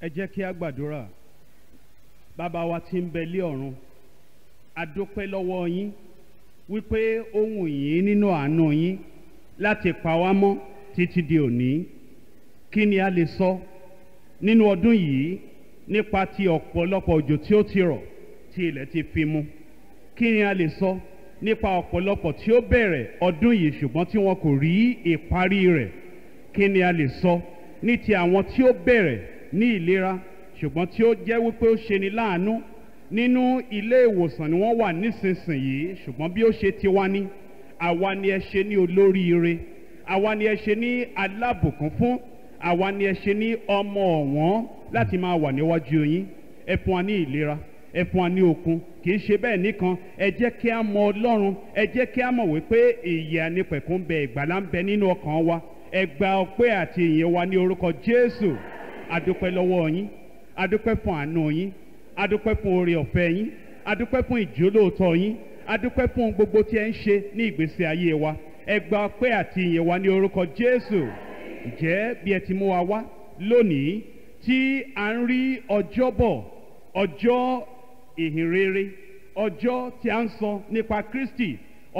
ẹ jẹ́ kí a gbàdúrà bàbá wa tí ń bẹ lé ọ̀run a dúpẹ́ lọ́wọ́ yín wípé ó wù yín nínú àánú yín láti pa wá mọ́ títí di òní kí ni a lè sọ nínú ọdún yìí nípa ti ọ̀pọ̀lọpọ̀ òjò tí ó ti rọ̀ tí ilẹ̀ ti fi mu kí ni a lè sọ nípa ọ̀pọ̀lọpọ̀ tí ó bẹ̀rẹ̀ ọdún yìí ṣùgbọ́n tí wọn kò rí ìparí rẹ̀ kí ni a lè sọ ní ti àwọn tí ó bẹ̀rẹ̀ ní ìlera ṣùgbọ́n tí ó jẹ́ wípé ó ṣe ni láàánú nínú ilé ìwòsàn ni wọ́n wà nísinsìnyí ṣùgbọ́n bí ó ṣe tiwa ni àwa ni ẹ ṣe ní olóríire àwa ni ẹ ṣe ní alábùkún fún àwa ni ẹ ṣe ní ọmọ ọ̀wọ́n láti máa wà níwájú yín ẹ fún wa ní ìlera ẹ fún wa ní okun kì í ṣe bẹ́ẹ̀ nìkan ẹ jẹ́ kí a mọ ọlọ́run ẹ jẹ́ kí a mọ̀ wípé ìyè nípẹ̀kún ń bẹ ìgbàlá ń bẹ nínú ọkàn wa ẹ gba ọpẹ́ àti ìyìn wa ní orúkọ jésù adúpẹ́ lọ́wọ́ yín adúpẹ́ fún àánú yín adúpẹ́ fún oore ọ̀fẹ́ yín adúpẹ́ fún ìjólóòtọ́ yín adúpẹ́ fún gbogbo tí ẹ ń ṣe ní ìgbésí ayé wa ẹ gba ọpẹ́ àti ìyìn wa ní orúkọ Jésù ǹjẹ́ bí ẹ ti mú wa wá lónìí tí a ń rí ọjọ́bọ̀ ọjọ́ ìhìnrere ọjọ́ tí a ń sọ nípa Kristi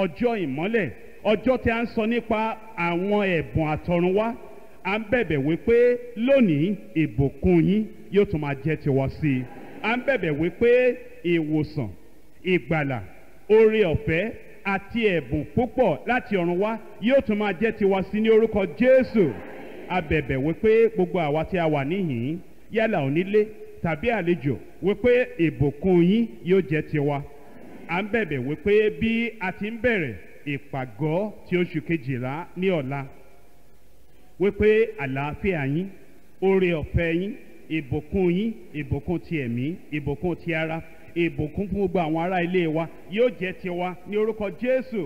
ọjọ́ ìmọ́lẹ̀ ọjọ́ tí a ń sọ nípa àwọn ẹ̀bùn àtọ̀runwá à ń bẹ̀bẹ̀ wípé lónìí ìbùkún yín yóò tún máa jẹ́ tiwọn sí i à ń bẹ̀bẹ̀ wípé ìwòsàn ìgbàlà oore ọ̀fẹ́ àti ẹ̀bùn púpọ̀ láti ọ̀run wá yóò tún máa jẹ́ tiwa sí ní orúkọ Jésù a bẹ̀bẹ̀ wípé gbogbo àwa tí a wà níhìn yálà onílé tàbí àlejò wípé ìbùkún yín yóò jẹ́ tiwa à ń bẹ̀bẹ̀ wípé bí a ti ń bẹ̀rẹ̀ ìpàgọ́ tí oṣù kejìlá ní ọ̀la wípé àlàáfíà yín oore ọ̀fẹ́ yín ìbùkún yín ìbùkún ti ẹ̀mí ìbùkún ti ara ìbùkún fún gbogbo àwọn ará ilé wa yóò jẹ́ tiwa ní orúkọ Jésù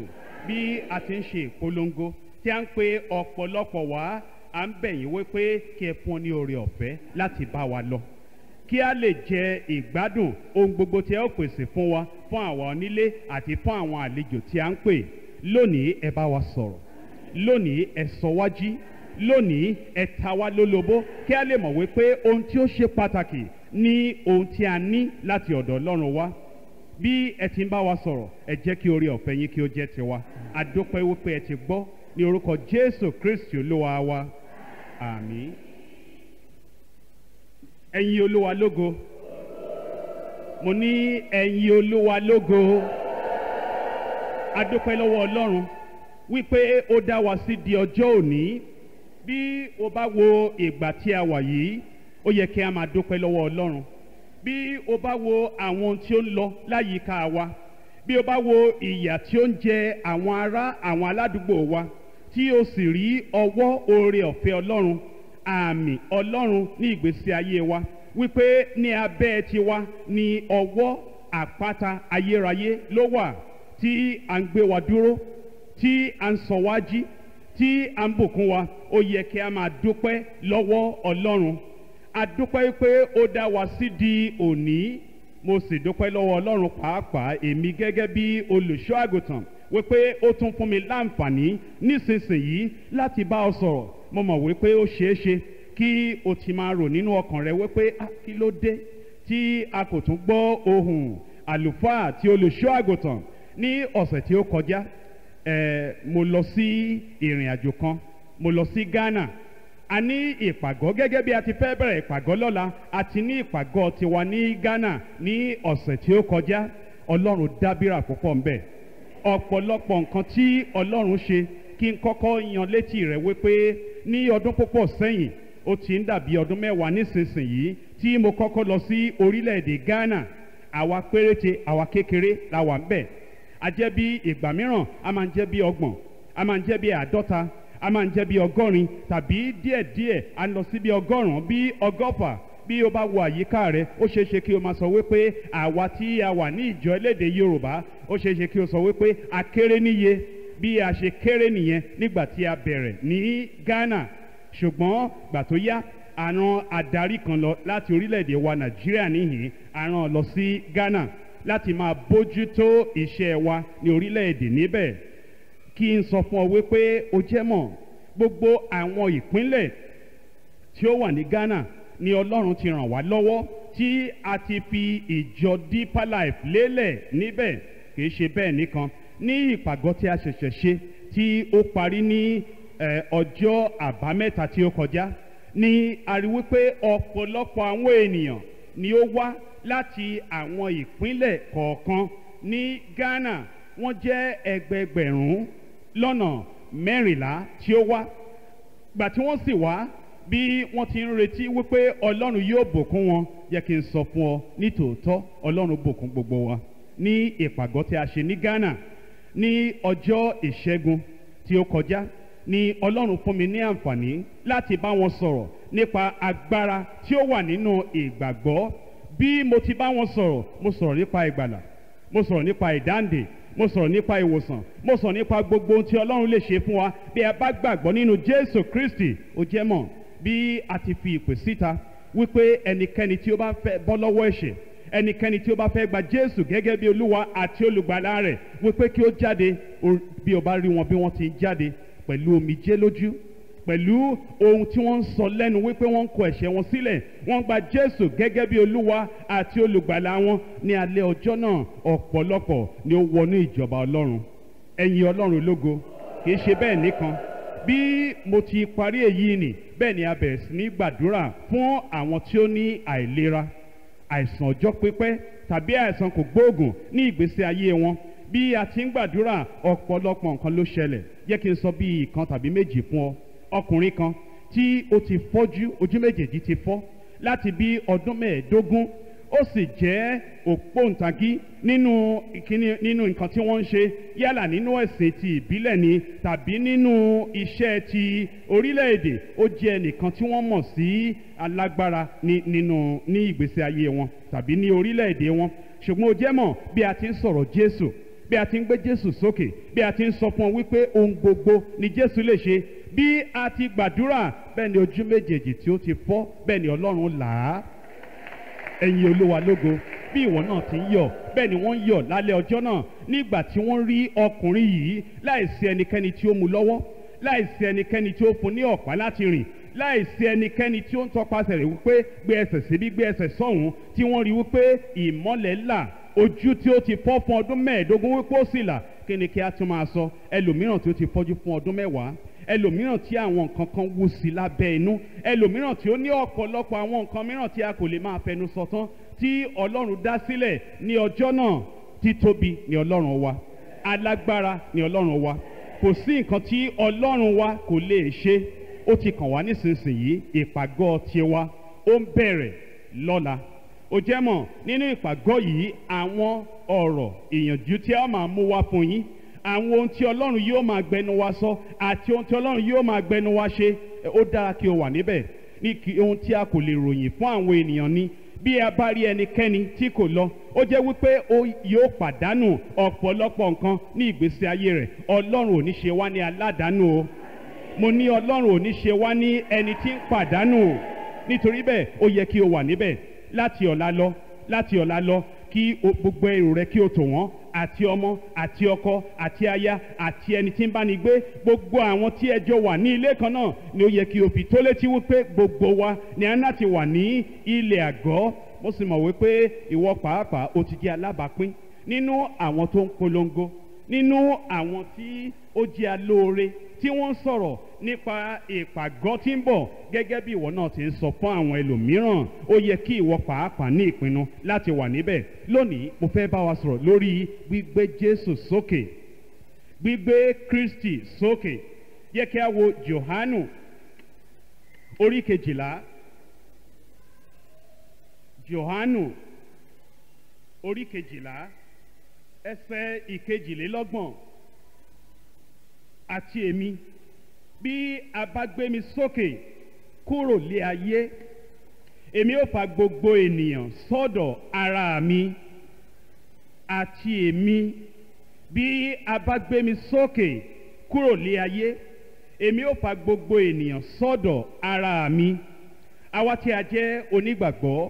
bí a ti ń ṣe ìpolongo tí a ń pe ọ̀pọ̀lọpọ̀ wá à ń bẹ̀ yín wípé kí ẹ fún ọ ní oore ọ̀fẹ́ láti bá wa lọ kí a lè jẹ ìgbádùn ohun gbogbo tí ẹ ó pèsè fún wa fún àwọn onílé àti fún àwọn àlejò tí a ń pè lónìí ẹ bá wa sọ̀rọ̀ lónìí ẹ sọ wájí lónìí ẹ ta wá lólobó kí a lè mọ̀ wípé ohun tí ó ṣe pàtàkì ní ohun tí a ní láti ọ̀dọ̀ ọlọ́run wá bí ẹ ti ń bá wa sọ̀rọ̀ ẹ jẹ́ kí orí ọ̀fẹ́ yín kí ó jẹ́ tiwa àdópẹ́ wípé ẹ ti gbọ́ ní orúkọ jésù kristi olúwa wa àmín ẹ̀yin olúwa lógo mo ní ẹ̀yin olúwa lógo àdópẹ́ lọ́wọ́ ọlọ́run wípé ó dá wa sí di ọjọ́ òní bí o bá wo ìgbà tí a wà yìí ó yẹ kí a máa dúpẹ́ lọ́wọ́ ọlọ́run bí o bá wo àwọn ohun tí ó ń lọ láyìíká wa bí o bá wo ìyà tí ó ń jẹ àwọn ará àwọn aládùúgbò wa tí o sì rí ọwọ́ oore ọ̀fẹ́ ọlọ́run àmì ọlọ́run ní ìgbésí ayé wa wípé ní abẹ́ tiwa ni ọwọ́ àpáta ayérayé ló wà tí à ń gbé wa dúró tí à ń sọ wá jí tí à ń bùkún wa ó yẹ kí a máa dúpẹ́ lọ́wọ́ ọlọ́run a dúpẹ́ pé ó dá wa sí di òní mo sì dúpẹ́ lọ́wọ́ ọlọ́run pàápàá èmi gẹ́gẹ́ bí olùṣọ́ àgùntàn wípé ó tún fún mi láǹfààní nísinsìnyí láti bá ọ sọ̀rọ̀ mo mọ̀ wípé ó ṣeé ṣe kí o ti máa rò nínú ọkàn rẹ wípé ah, kí ló dé tí a kò tún gbọ́ ohùn àlùfáà tí olùṣọ́ àgùntàn ní ọ̀sẹ̀ tí ó kọjá mo lọ sí ìrìn àjò kan mo lọ sí Ghana a ní ìpàgọ́ gẹ́gẹ́ bí a ti fẹ́ bẹ̀rẹ̀ ìpàgọ́ lọ́la a ti ní ìpàgọ́ tiwa ní Ghana ní ọ̀sẹ̀ tí ó kọjá Ọlọ́run dábìrà púpọ̀ ń bẹ ọ̀pọ̀lọpọ̀ nǹkan tí Ọlọ́run ṣe kí n kọ́kọ́ yan létí rẹ̀ wípé ní ọdún púpọ̀ sẹ́yìn ó ti ń dàbí ọdún mẹ́wàá nísinsìnyí tí mo kọ́kọ́ lọ sí orílẹ̀-èdè Ghana àwa péréte àwa kékeré la wà ń bẹ a jẹ́ bí ìgbà mìíràn a máa ń jẹ́ bí ọgbọ̀n a máa ń jẹ́ bí àádọ́ta a máa ń jẹ́ bí ọgọ́rin tàbí díẹ̀díẹ̀ a ń lọ sí bí ọgọ́rùn-ún bí ọgọ́fà bí o bá wo àyíká rẹ ó ṣeé ṣe kí o máa sọ wípé àwa tí a wà ní ìjọ elédè Yorùbá ó ṣeé ṣe kí o sọ wípé a kéré níye bí a ṣe kéré nìyẹn nígbà tí a bẹ̀rẹ̀ ní Ghana ṣùgbọ́n gbà tó yá a rán adarí kan lọ láti orílẹ̀-èdè wa Nàìjíríà níhìn a lọ sí Ghana láti máa bójútó iṣẹ́ wa ní orílẹ̀-èdè níbẹ̀ kí n sọ fún ọ wípé o jẹ́ mọ̀ gbogbo àwọn ìpínlẹ̀ tí ó wà ní Ghana ni Ọlọ́run ti ràn wá lọ́wọ́ tí a ti fi ìjọ Deeper Life lélẹ̀ níbẹ̀ kì í ṣe bẹ́ẹ̀ nìkan ní ìpàgọ́ tí a ṣẹ̀ṣẹ̀ ṣe tí ó parí ní ọjọ́ àbámẹ́ta tí ó kọjá ni a rí wípé ọ̀pọ̀lọpọ̀ àwọn ènìyàn ni ó wá láti àwọn ìpínlẹ̀ kọ̀ọ̀kan ní Ghana wọ́n jẹ́ ẹgbẹgbẹ̀rún lọ́nà mẹ́rìnlá tí ó wá gbà tí wọ́n sì wá bí wọ́n ti ń retí wípé ọlọ́run yóò bùkún wọn yẹ kí n sọ fún ọ nítòótọ́ ọlọ́run bùkún gbogbo wa ní ìpàgọ́ tí a ṣe ní Ghana ní ọjọ́ ìṣẹ́gun tí ó kọjá ni ọlọ́run fún mi ní àǹfààní láti bá wọn sọ̀rọ̀ nípa agbára tí ó wà nínú ìgbàgbọ́ bí mo ti bá wọn sọ̀rọ̀ mo sọ̀rọ̀ nípa ìgbàlà mo sọ̀rọ̀ nípa ìdáǹdè mo sọ̀rọ̀ nípa ìwòsàn mo sọ̀rọ̀ nípa gbogbo ohun tí ọlọ́run lè ṣe fún wa bí a bá gbàgbọ́ nínú jésù kristi ó jẹ́ mọ̀ bí a ti fi ìpè síta wípé ẹnikẹ́ni tí ó bá fẹ́ bọ́ lọ́wọ́ ẹ̀ṣẹ̀ ẹnikẹ́ni tí ó bá fẹ́ gba jésù gẹ́gẹ́ bí olúwa àti olùgbàlà rẹ̀ wípé kí ó jáde bí ó bá rí wọn bí wọ́n ti jáde pẹ̀lú omijé lójú pẹ̀lú ohun tí wọ́n ń sọ lẹ́nu wípé wọ́n ń kọ ẹ̀ṣẹ̀ wọn sílẹ̀ wọ́n gba Jésù gẹ́gẹ́ bí Olúwa àti olùgbàlà wọn ní alẹ́ ọjọ́ náà ọ̀pọ̀lọpọ̀ ni ó wọnú ìjọba Ọlọ́run ẹ̀yin Ọlọ́run lógo kì í ṣe bẹ́ẹ̀ nìkan bí mo ti parí èyí nì bẹ́ẹ̀ ni a bẹ̀rẹ̀ sí ní gbàdúrà fún àwọn tí ó ní àìlera àìsàn ọjọ́ pípẹ́ tàbí àìsàn kò gbóògùn ní ìgbésí ayé wọn bí a ti ń gbàdúrà ọ̀pọ̀lọpọ̀ nǹkan ló ṣẹlẹ̀ jẹ́ kí n sọ bí ìkan tàbí méjì fún ọ ọkùnrin kan tí ó ti fọ́jú ojú méjèèjì ti fọ́ láti bí ọdún mẹ́ẹ̀ẹ́dógún ó sì jẹ́ òpóǹtagí nínú ìkíni nínú nǹkan tí wọ́n ń ṣe yálà nínú ẹ̀sìn ti ìbílẹ̀ ni tàbí nínú iṣẹ́ ti orílẹ̀-èdè ó jẹ́ ẹnìkan tí wọ́n mọ̀ sí alágbára nínú ní ìgbésí ayé wọn tàbí ní orílẹ̀-èdè wọn ṣùgbọ́n ó jẹ́ mọ̀ bí a ti ń sọ̀rọ̀ Jésù bí a ti ń gbé Jésù sókè bí a ti ń sọ fún ọ wípé ohun gbogbo ni Jésù lè ṣe bí a ti gbàdúrà bẹ́ẹ̀ ni ojú méjèèjì tí ó ti fọ́ bẹ́ẹ̀ ni ọlọ́run là á ẹ̀yin olúwa lógo bí ìwọ náà ti ń yọ̀ bẹ́ẹ̀ ni wọ́n ń yọ̀ lálẹ́ ọjọ́ náà nígbà tí wọ́n rí ọkùnrin yìí láìsí ẹnikẹ́ni tí ó mú lọ́wọ́ láìsí ẹnikẹ́ni tí ó fún ní ọ̀pá láti rìn láìsí ẹnikẹ́ni tí ó ń tọpasẹ̀ rẹ̀ wípé gbé ẹsẹ̀ síbí gbé ẹsẹ̀ sọ́hùn tí wọ́n rí wípé ìmọ́lẹ̀ là ojú tí ó ti fọ́ fún ọdún mẹ́ẹ̀ẹ́dógún wípé ó sì là kí ni kí a tún máa sọ ẹlòmíràn tí ó ti fọ́jú fún ọdún mẹ́wàá ẹlòmíràn tí àwọn nǹkan kan wù sí lábẹ́ inú ẹlòmíràn tí ó ní ọ̀pọ̀lọpọ̀ àwọn nǹkan mìíràn tí a kò lè máa fẹnu sọ tán tí ọlọ́run dá sílẹ̀ ní ọjọ́ náà títóbi ni ọlọ́run wa alágbára ni ọlọ́run wa kò sí nǹkan tí ọlọ́run wa kò lè ṣe ó ti kàn wá nísinsìnyí ìpàgọ́ tiwa ó ń bẹ̀rẹ̀ lọ́la ó jẹ́ mọ̀ nínú ìpàgọ́ yìí àwọn ọ̀rọ̀ ìyànjú tí a máa mú wá fún yín àwọn ohun tí ọlọ́run yóò máa gbẹnu wa sọ àti ohun tí ọlọ́run yóò máa gbẹnu wa ṣe ó dára kí o wà níbẹ̀ ní ohun tí a kò lè ròyìn fún àwọn ènìyàn ni bí a bá rí ẹnikẹ́ni tí kò lọ ó jẹ́ wípé ó yóò pàdánù ọ̀pọ̀lọpọ̀ nǹkan ní ìgbésí ayé rẹ̀ ọlọ́run ò ní ṣe wá ní aládàánù o mo ní ọlọ́run ò ní ṣe wá ní ẹni tí ń pàdánù o nítorí bẹ́ẹ̀ ó yẹ kí o wà níbẹ̀ láti ọ̀la lọ láti ọ̀la lọ kí gbogbo èrò rẹ kí o tò wọ́n àti ọmọ àti ọkọ àti aya àti ẹni tí ń bá ní gbé gbogbo àwọn tí ẹ wà ní ilé kan náà ni ó yẹ kí òbí tó létí wípé gbogbo wa ni a ń láti wà ní ilé àgọ́ mo sì mọ̀ wípé ìwọ pàápàá o ti jẹ́ alábàápín nínú àwọn tó ń polongo nínú àwọn tí ó jẹ́ alóore tí wọ́n ń sọ̀rọ̀ nípa ìpàgọ́ tí ń bọ̀ gẹ́gẹ́ bí ìwọ náà ti ń sọ fún àwọn ẹlòmíràn ó yẹ kí ìwọ pàápàá ní ìpinnu láti wà níbẹ̀ lónìí mo fẹ́ bá wa sọ̀rọ̀ lórí gbígbé Jésù sókè gbígbé Kristi sókè yẹ kí a wo Jòhánù orí kejìlá Jòhánù orí kejìlá ẹsẹ̀ ìkejìlélọ́gbọ̀n àti èmi bí a bá gbé mi sókè kúrò lé ayé èmi ó fa gbogbo ènìyàn sọ́dọ̀ ara mi àti èmi bí a bá gbé mi sókè kúrò lé ayé èmi ó fa gbogbo ènìyàn sọ́dọ̀ ara mi àwa tí a jẹ́ onígbàgbọ́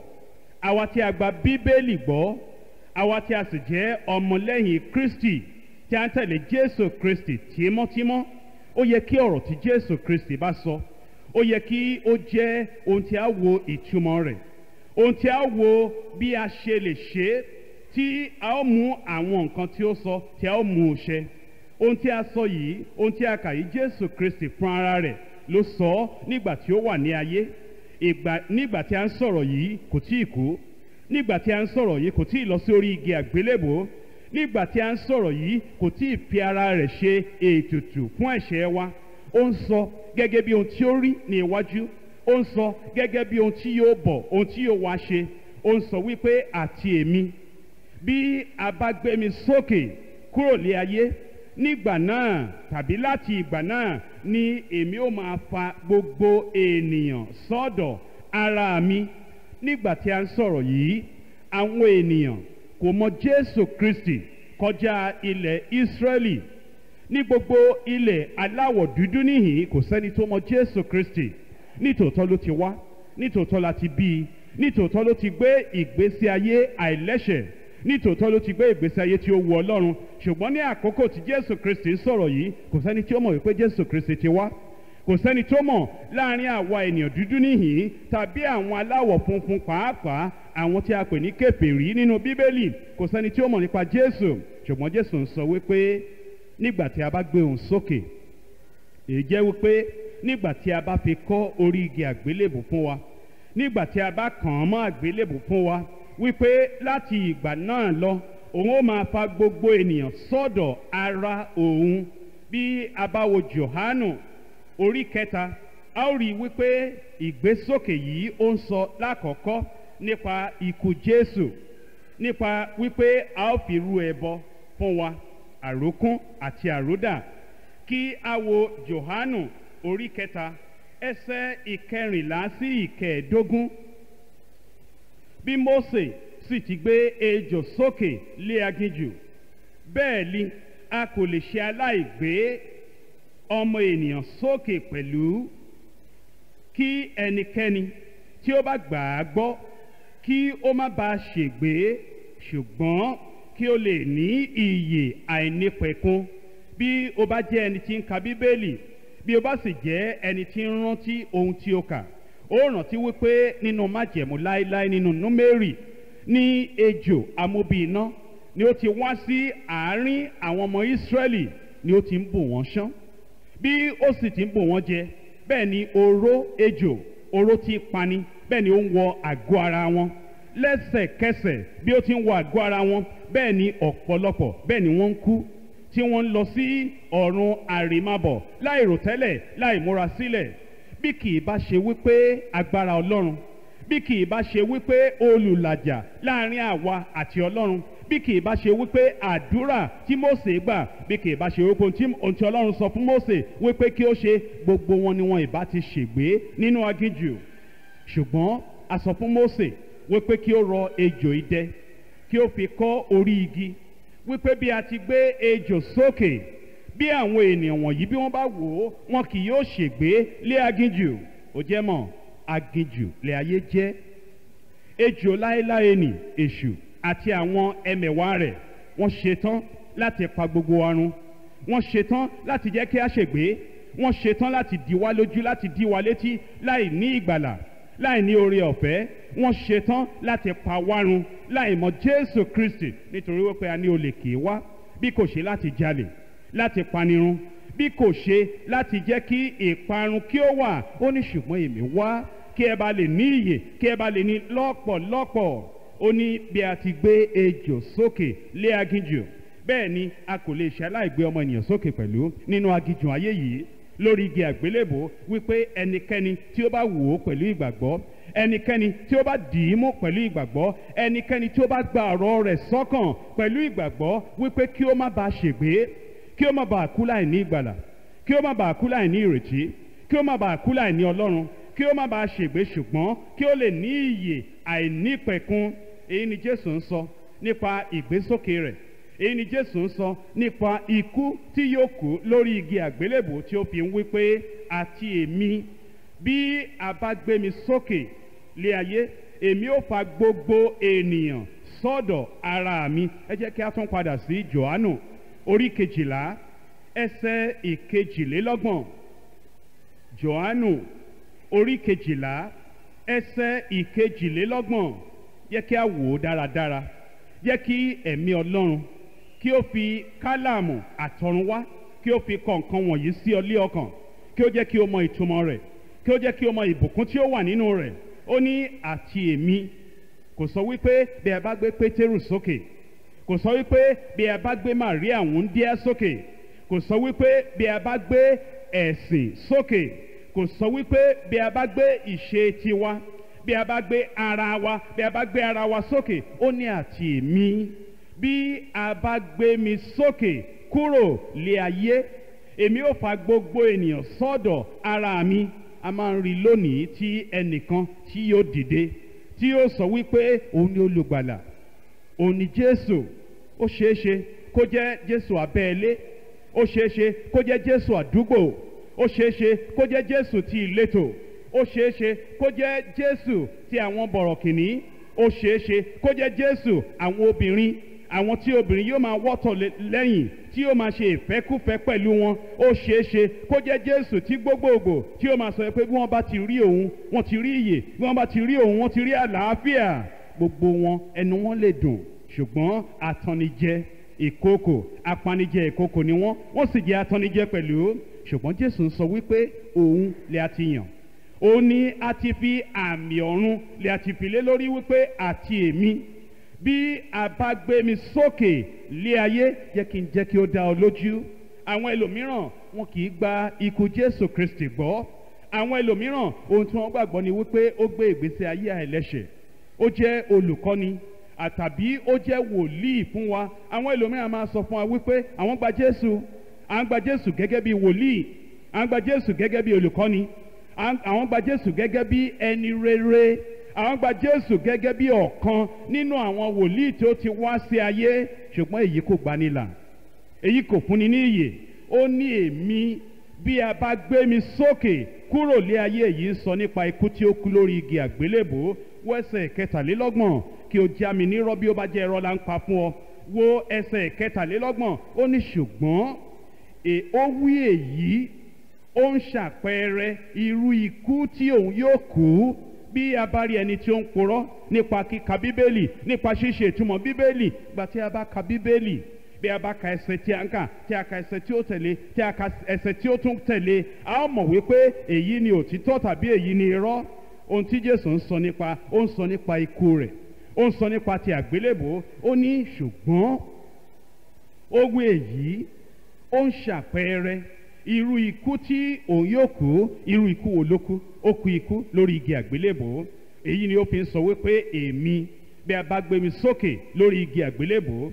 àwa tí a gba bíbélì gbọ́ àwa tí a sì jẹ́ ọmọlẹ́yìn Kristi tí a ń tẹ̀lé Jésù Kristi tímọ́tímọ́ ó yẹ kí ọ̀rọ̀ tí Jésù Kristi bá sọ ó yẹ kí ó jẹ́ ohun tí a wo ìtumọ̀ rẹ̀ ohun tí a wo bí a ṣe lè ṣe é tí a ó mú àwọn nǹkan tí ó sọ tí a ó mú ṣe ohun tí a sọ yìí ohun tí a kà yìí Jésù Kristi fún ara rẹ̀ ló sọ ọ́ nígbà tí ó wà ní ayé ìgbà nígbà tí a ń sọ̀rọ̀ yìí kò tí ì kú nígbà tí a ń sọ̀rọ̀ yìí kò tí ì lọ sí orí igi àgbélébòó nígbà tí a ń sọ̀rọ̀ yìí kò tí ì fi ara rẹ̀ ṣe ètùtù fún ẹ̀ṣẹ̀ wa ó ń sọ gẹ́gẹ́ bí ohun tí ó rí ní iwájú ó ń sọ gẹ́gẹ́ bí ohun tí yóò bọ̀ ohun tí yóò wá ṣe ó ń sọ wípé àti èmi bí a bá gbé mi sókè kúrò lé ayé nígbà náà tàbí láti ìgbà náà ni èmi ó máa fa gbogbo ènìyàn sọ́dọ̀ ara mi nígbà tí a ń sọ̀rọ̀ yìí àwọn ènìyàn kò mọ jésù kristi kọjá ilẹ̀ ìsírẹ́lì ní gbogbo ilẹ̀ aláwọ̀ dúdú níhìn kò sẹ́ni tó mọ jésù kristi nítòótọ́ ló ti wá nítòótọ́ la ti bí i nítòótọ́ ló ti gbé ìgbésí ayé àìlẹ́ṣẹ̀ nítòótọ́ ló ti gbé ìgbésí ayé tí ó wu ọlọ́run ṣùgbọ́n ní àkókò tí jésù kristi sọ̀rọ̀ yìí kò sẹ́ni tí ó mọ̀ wípé jésù kristi ti wá kò sẹ́ni tó mọ̀ láàrin àwa ènìyàn dúdú níhìn tàbí àwọn aláwọ̀ funfun pàápàá àwọn tí a pè ní kèfèrí nínú bíbélì kò sẹ́ni tí ó mọ̀ nípa jésù ṣùgbọ́n jésù ń sọ wípé nígbà tí a bá gbé òun sókè èyí jẹ́ wípé nígbà tí a bá fi kọ́ orí igi àgbélébù fún wa nígbà tí a bá kàn án mọ́ àgbélébù fún wa wípé láti ìgbà náà lọ òun ó máa fa gbogbo ènìyàn sọ́dọ̀ ara òun bí a bá wo Jòhánù orí kẹta a ó rí wípé ìgbésókè yìí ó ń sọ lákọ̀ọ́kọ́ nípa ikú Jésù nípa wípé a ó fi rú ẹbọ fún wa àrókún àti àródà kí a wo Jòhánù orí kẹta ẹsẹ̀ ìkẹrìnlá sí ìkẹẹ̀dógún bí Mósè sì ti gbé ejò sókè lé aginjù bẹ́ẹ̀ ni a kò lè ṣe aláìgbé ọmọ ènìyàn sókè pẹ̀lú kí ẹnikẹ́ni tí ó bá gbà á gbọ́ kí ó má bàa ṣègbé ṣùgbọ́n kí ó lè ní iyè àìnípẹ̀kun bí o bá jẹ́ ẹni tí ń ka bíbélì bí o bá sì jẹ́ ẹni tí ń rántí ohun tí o kà ó rántí wípé nínú májẹ̀mú láéláé nínú númérì ní ejò amóbíiná ni ó ti wá sí àárín àwọn ọmọ Ísírẹ́lì ni ó ti ń bù wọ́n ṣán bí ó sì ti ń bù wọ́n jẹ bẹ́ẹ̀ ni oró ejò oró ti pani bẹ́ẹ̀ ni ó ń wọ àgọ́ ara wọn lẹ́sẹ̀kẹsẹ̀ bí ó ti ń wọ àgọ́ ara wọn bẹ́ẹ̀ ni ọ̀pọ̀lọpọ̀ bẹ́ẹ̀ ni wọ́n ń kú tí wọ́n ń lọ sí ọ̀run àrèmábọ̀ láì rò tẹ́lẹ̀ láì múra sílẹ̀ bí kì í bá ṣe wípé agbára ọlọ́run bí kì í bá ṣe wípé olùlàjà láàrin àwa àti ọlọ́run bí kì bá ṣe wípé àdúrà tí Mósè gbà bí kì bá ṣe wípé ohun tí ọlọ́run sọ fún Mósè wípé kí ó ṣe gbogbo wọn ni wọn ìbá ti ṣègbé nínú aginjù ṣùgbọ́n a sọ fún Mósè wípé kí ó rọ ejò idẹ kí ó fi kọ́ orí igi wípé bí a ti gbé ejò sókè bí àwọn ènìyàn wọ̀nyí bí wọ́n bá wò ó wọn kì yóò ṣègbé lé aginjù ó jẹ́ mọ̀ aginjù lé ayé jẹ́ ejò láéláé nì èṣù àti àwọn ẹmẹ̀wá rẹ̀ wọ́n ṣetán láti pa gbogbo ọrùn wọ́n ṣetán láti jẹ́ kí a ṣègbé wọ́n ṣetán láti dí lójú láti dí létí láì ní ìgbàlà láì ní oore ọ̀fẹ́ wọ́n ṣetán láti pa wárun láì mọ Jésù Kristi nítorí wípé a ní olè kì í wá bí kò ṣe láti jalè láti panirun bí kò ṣe láti jẹ́ kí ìparun kí ó wà ó ní ṣùgbọ́n èmi wá kí ẹ bá lè ní ìyè kí ẹ bá lè ní lọ́pọ̀lọpọ̀ ó ní bí a ti gbé ejò sókè lé aginjù bẹ́ẹ̀ ni a kò lè ṣe aláìgbé ọmọ ènìyàn sókè pẹ̀lú nínú aginjù ayé yìí lórí igi àgbélébò wípé ẹnikẹ́ni tí ó bá wò ó pẹ̀lú ìgbàgbọ́ ẹnikẹ́ni tí ó bá dì í mú pẹ̀lú ìgbàgbọ́ ẹnikẹ́ni tí ó bá gba ọ̀rọ̀ rẹ̀ sọ́kàn pẹ̀lú ìgbàgbọ́ wípé kí ó má bàa ṣègbé kí ó má bàa kú láì ìgbàlà kí ó má bàa kú láì ìrètí kí ó má bàa kú láì ọlọ́run kí ó má bàa ṣègbé ṣùgbọ́n kí ó lè ní ìyè àìnípẹ̀kun èyí ni Jésù ń sọ nípa ìgbésókè rẹ̀ èyí ni jésù ń sọ nípa ikú tí yóò kú lórí igi àgbélébò tí ó fi ń wípé àti èmi bí a bá gbé mi sókè lé ayé èmi ó fa gbogbo ènìyàn sọ́dọ̀ ara mi ẹ jẹ́ kí a tún padà sí johannu orí kejìlá ẹsẹ̀ ìkejìlélọ́gbọ̀n johannu orí kejìlá ẹsẹ̀ ìkejìlélọ́gbọ̀n yẹ kí a wò ó dáradára yẹ kí ẹ̀mí ọlọ́run kí ó fi kálàmù àtọ̀run wá kí ó fi kọ nǹkan wọ̀nyí sí ọlé ọkàn kí ó jẹ́ kí o mọ ìtumọ̀ rẹ̀ kí ó jẹ́ kí o mọ ìbùkún tí ó wà nínú rẹ̀ ó ní àti èmi kò sọ wípé bí ẹ bá gbé pétérù sókè kò sọ wípé bí ẹ bá gbé màríà wúndíá sókè kò sọ wípé bí ẹ bá gbé ẹ̀sìn sókè kò sọ wípé bí ẹ bá gbé ìṣe tiwa bí a bá gbé ara wa bí a bá gbé ara wa sókè ó ní àti èmi bí a bá gbé mi sókè kúrò lé ayé èmi ò fa gbogbo ènìyàn sọ́dọ̀ ara mi a máa ń rí lónìí tí ẹnìkan tí yóò dìde tí yóò sọ wípé òun ni olùgbàlà òun ni jésù ó ṣeéṣe kó jẹ́ jésù abẹ́ẹ̀lé ó ṣeéṣe kó jẹ́ jésù àdúgbò ó ṣeéṣe kó jẹ́ jésù ti ìletò ó ṣeéṣe kó jẹ́ jésù ti àwọn bọ̀rọ̀kìnní ó ṣeéṣe kó jẹ́ jésù àwọn obìnrin àwọn tí obìnrin yóò máa wọ́tọ̀ lẹ́yìn tí yóò máa ṣe ìfẹ́kúfẹ́ pẹ̀lú wọn ó ṣeé ṣe kó jẹ́ jésù tí gbogbogbò tí yóò máa sọ pé bí wọ́n bá ti rí òun wọ́n ti rí iyè bí wọ́n bá ti rí òun wọ́n ti rí àlàáfíà gbogbo wọn ẹnu wọn lè dùn ṣùgbọ́n àtànnijẹ ìkókò apanijẹ ìkókò ni wọ́n wọ́n sì jẹ́ àtànnijẹ pẹ̀lú ṣùgbọ́n jésù ń sọ wípé òun lè a ti yàn ó ní a ti fi àmì ọ̀run lè a ti fi lé lórí wípé àti èmi bí àbá gbé mi sókè lé ayé jẹ́ kí n jẹ́ kí ó dá ọ lójú àwọn ẹlòmíràn wọn kì í gba ikú Jésù Kristi gbọ́ àwọn ẹlòmíràn ohun tí wọ́n gbàgbọ́ ni wípé ó gbé ìgbésí ayé àìlẹ́ṣẹ̀ ó jẹ́ olùkọ́ni àtàbí ó jẹ́ wòlíì fún wa àwọn ẹlòmíràn máa sọ fún wa wípé àwọn gba Jésù à ń gba Jésù gẹ́gẹ́ bí wòlíì à ń gba Jésù gẹ́gẹ́ bí olùkọ́ni à ń gba Jésù gẹ́gẹ́ bí ẹni rere àwọn gba Jésù gẹ́gẹ́ bí ọ̀kan nínú àwọn wòlíì tí ó ti wá sí ayé ṣùgbọ́n èyí kò gbanilà èyí kò fúnni ní iyè ó ní èmi bí a bá gbé mi sókè kúrò lé ayé yìí sọ nípa ikú tí ó kú lórí igi àgbélébò wẹ́sẹ̀ kẹtàlélọ́gbọ̀n kí o já mi nírọ́ bí ó bá jẹ́ irọ́ la ń pa fún ọ wo ẹsẹ̀ kẹtàlélọ́gbọ̀n ó ní ṣùgbọ́n e, ó wí èyí ó ń ṣàpẹẹrẹ irú ikú tí òun yóò kú bí a bá rí ẹni tí ó ń purọ́ nípa kíka bíbélì nípa ṣíṣe ìtumọ̀ bíbélì gba tí a bá ka bíbélì bí a bá ka ẹsẹ̀ tí a ń kà tí a ka ẹsẹ̀ tí ó tẹ̀lé tí a ka ẹsẹ̀ tí ó tún tẹ̀lé a ó mọ̀ wípé èyí ni òtítọ́ tàbí èyí ni irọ́ ohun tí Jésù ń sọ nípa ó ń sọ nípa ikú rẹ̀ ó ń sọ nípa ti àgbélébò ó ní ṣùgbọ́n ó wí èyí ó ń ṣàpẹẹrẹ irú ikú tí òun yóò kú irú ikú wo ló kú ó kú ikú lórí igi àgbélébò èyí ni ó fi ń sọ wípé èmi bí a bá gbé mi sókè lórí igi àgbélébò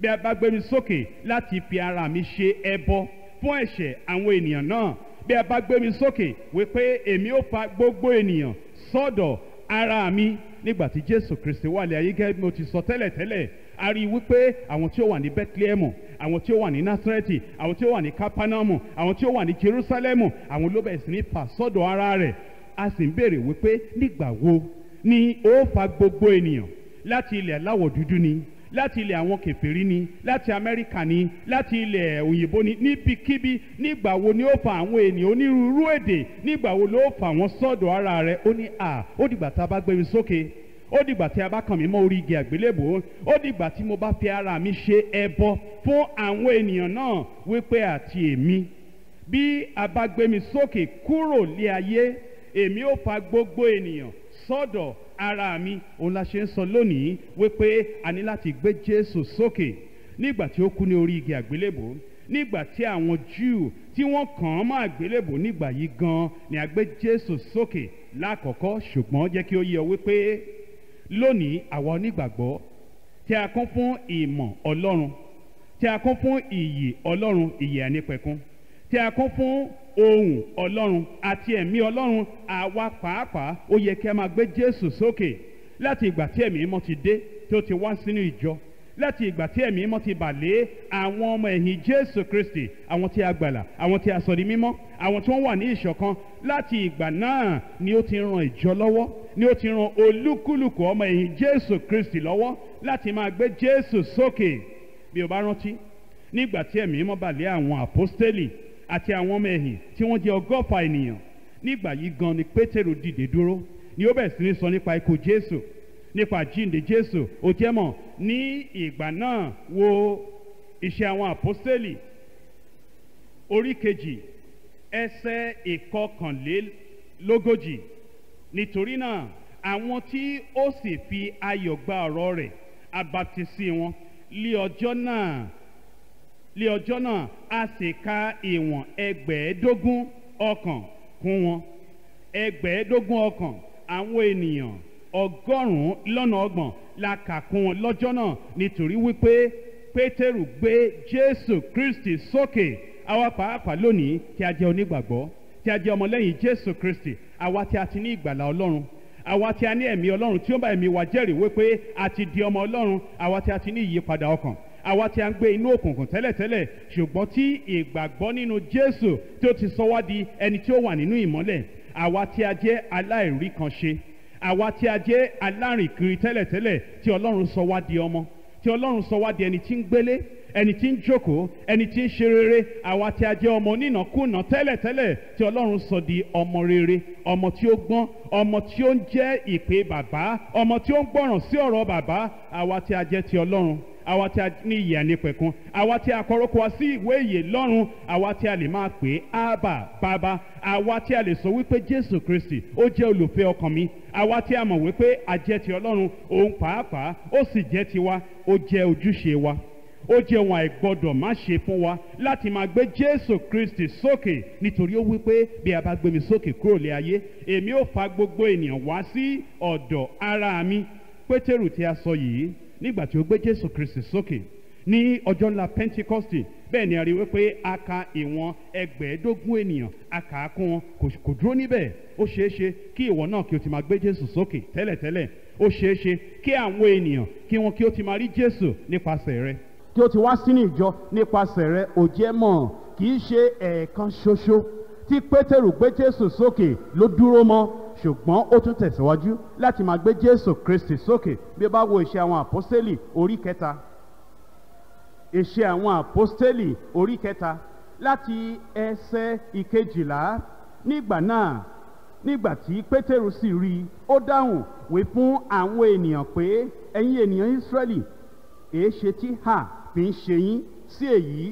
bí a bá gbé mi sókè láti fi ara mi ṣe ẹbọ fún ẹ̀ṣẹ̀ àwọn ènìyàn náà bí a bá gbé mi sókè wípé èmi ó fa gbogbo ènìyàn sọ́dọ̀ ara mi nígbà tí Jésù Kristi wà lé gẹ́gẹ́ mo ti sọ tẹ́lẹ̀tẹ́lẹ̀ a rí i wípé àwọn tí ó wà ní Bẹ́tílẹ́mù àwọn tí ó wà ní nasireti àwọn tí ó wà ní kapanamu àwọn tí ó wà ní jerusalemu àwọn ló bẹ̀rẹ̀ sí ní fà sọ́dọ̀ ara rẹ̀ a sì ń béèrè wípé nígbà wo ni ó fa gbogbo ènìyàn láti ilẹ̀ aláwọ̀ dúdú ni láti ilẹ̀ àwọn kèfèrí ni láti amẹ́ríkà ni láti ilẹ̀ òyìnbó ni níbikíbi nígbà wo ni ó fa àwọn ènìyàn onírúurú èdè nígbà wo ló fa wọn sọ́dọ̀ ara rẹ̀ ó ní à ó dìgbà tá a bá gbé mi sókè ó dìgbà tí a bá kàn mí mọ́ orí igi àgbélébò ó dìgbà tí mo bá fi ara mi ṣe ẹbọ fún àwọn ènìyàn náà wípé àti èmi bí a bá gbé mi sókè kúrò lé ayé èmi ó fa gbogbo ènìyàn sọ́dọ̀ ara mi òun la ṣe ń sọ lónìí wípé a ní láti gbé Jésù sókè nígbà tí ó kú ní orí igi àgbélébò nígbà tí àwọn Júù tí wọ́n kàn án mọ́ àgbélébò nígbà yìí gan ni a gbé Jésù sókè lákọ̀ọ́kọ́ ṣùgbọ́n jẹ́ kí ó yé wípé lónìí àwa onígbàgbọ́ tí a kún fún ìmọ̀ ọlọ́run tí a kún fún ìyì ọlọ́run ìyì ànípẹ̀kun tí a kún fún ohùn ọlọ́run àti ẹ̀mí ọlọ́run àwa pàápàá ó yẹ kí a máa gbé Jésù sókè láti ìgbà tí ẹ̀mí mọ́ ti dé tó ti wá sínú ìjọ láti ìgbà tí ẹ̀mí mímọ́ ti bà lé àwọn ọmọ ẹ̀yìn jésù kristi àwọn tí a gbàlà àwọn tí a sọ di mímọ́ àwọn tí wọ́n wà ní ìṣọ̀kan láti ìgbà náà ni ó ti ran ìjọ lọ́wọ́ ni ó ti ran olúkúlùkù ọmọ ẹ̀yìn jésù kristi lọ́wọ́ láti máa gbé jésù sókè bí o bá rántí nígbà tí ẹ̀mí mímọ́ bà lé àwọn àpọ́stélì àti àwọn ọmọ ẹ̀yìn tí wọ́n jẹ́ ọgọ́fà ènìyàn nígbà yìí gan ni pétérù dìde dúró ni ó bẹ̀rẹ̀ sí ní sọ nípa ikú jésù nípa jíǹde jésù ó jẹ́ mọ̀ ní ìgbà náà wo iṣẹ́ àwọn àpọ́sítélì orí kejì ẹsẹ̀ ìkọkànlélógójì nítorí náà àwọn tí ó sì fi ayọ̀ gba ọ̀rọ̀ rẹ̀ abatisí wọn lí ọjọ́ náà lí ọjọ́ náà a sì ka ìwọ̀n ẹgbẹ̀ẹ́dógún ọkàn kún wọn ẹgbẹ̀ẹ́dógún ọkàn àwọn ènìyàn ọgọ́rùn-ún lọ́nà ọgbọ̀n la kà kún wọn lọ́jọ́ náà nítorí wípé pétérù gbé jésù kristi sókè àwa pàápàá lónìí kí a jẹ́ onígbàgbọ́ tí a jẹ́ ọmọlẹ́yìn jésù kristi àwa tí a ti ní ìgbàlà ọlọ́run àwa tí a ní ẹ̀mí ọlọ́run tí ó bá ẹ̀mí wa jẹ́rìí wípé a ti di ọmọ ọlọ́run àwa tí a ti ní ìyípadà ọkàn àwa tí a ń gbé inú òkùnkùn tẹ́lẹ̀tẹ́lẹ̀ ṣùgbọ́n tí ìgbàgbọ́ nínú jésù tí ó ti sọ wá di ẹni tí ó wà nínú ìmọ́lẹ̀ àwa tí a jẹ́ aláìríkanṣe àwa tí a jẹ́ alárìnkiri tẹ́lẹ̀tẹ́lẹ̀ tí ọlọ́run sọ wá di ọmọ tí ọlọ́run sọ wá di ẹni tí ń gbélé ẹni tí ń jókòó ẹni tí ń ṣe rere àwa tí a jẹ́ ọmọ onínàkúnà tẹ́lẹ̀tẹ́lẹ̀ tí ọlọ́run sọ di ọmọ rere ọmọ tí ó gbọ́n ọmọ tí ó ń jẹ́ ìpè bàbá ọmọ tí ó ń gbọ́ràn sí ọ̀rọ̀ bàbá àwa tí a jẹ́ ti ọlọ́run àwa tí a ní ìyè ànípẹ̀kun àwa tí a kọ́rọ́kọ́ wa sí ìwé ìyè lọ́run àwa tí a lè máa pè é ábà bàbá àwa tí a lè sọ wípé jésù kristi ó jẹ́ olùfẹ́ ọkàn mi àwa tí a mọ̀ wípé a jẹ́ ti ọlọ́run òun pàápàá ó sì jẹ́ tiwa ó jẹ́ ojúṣe wa ó jẹ́ ohun àìgbọ́dọ̀ má ṣe fún wa láti máa gbé jésù kristi sókè nítorí ó wí bí a bá gbé mi sókè kúrò lé ayé èmi ó fa gbogbo ènìyàn wá sí ọ̀dọ̀ ara mi pétérù tí a sọ yìí nígbà tí ó gbé Jésù Kristi sókè ní ọjọ́ ńlá Pentecost bẹ́ẹ̀ ni a rí wípé a ka ìwọ̀n ẹgbẹ̀ẹ́dógún ènìyàn a kà á kún wọn kò dúró níbẹ̀ ó ṣeé ṣe kí ìwọ náà kí o ti máa gbé Jésù sókè tẹ́lẹ̀tẹ́lẹ̀ ó ṣeé ṣe kí àwọn ènìyàn kí wọn kí o ti máa rí Jésù nípasẹ̀ rẹ kí o ti wá sínú ìjọ nípasẹ̀ rẹ ò jẹ́ mọ̀ kì í ṣe ẹ̀ẹ̀kan ṣoṣo tí Pétérù gbé Jésù sókè ló dúró mọ́ ṣùgbọ́n ó tún tẹ̀síwájú láti máa gbé Jésù Kristi sókè bí ó bá wo iṣẹ́ àwọn àpọ́stélì orí kẹta iṣẹ́ àwọn àpọ́stélì orí kẹta láti ẹsẹ̀ ìkejìlá nígbà náà nígbà tí Pétérù sì rí i ó dáhùn wí fún àwọn ènìyàn pé ẹ̀yin ènìyàn Ísírẹ́lì èéṣe tí hà fi ń ṣe yín sí èyí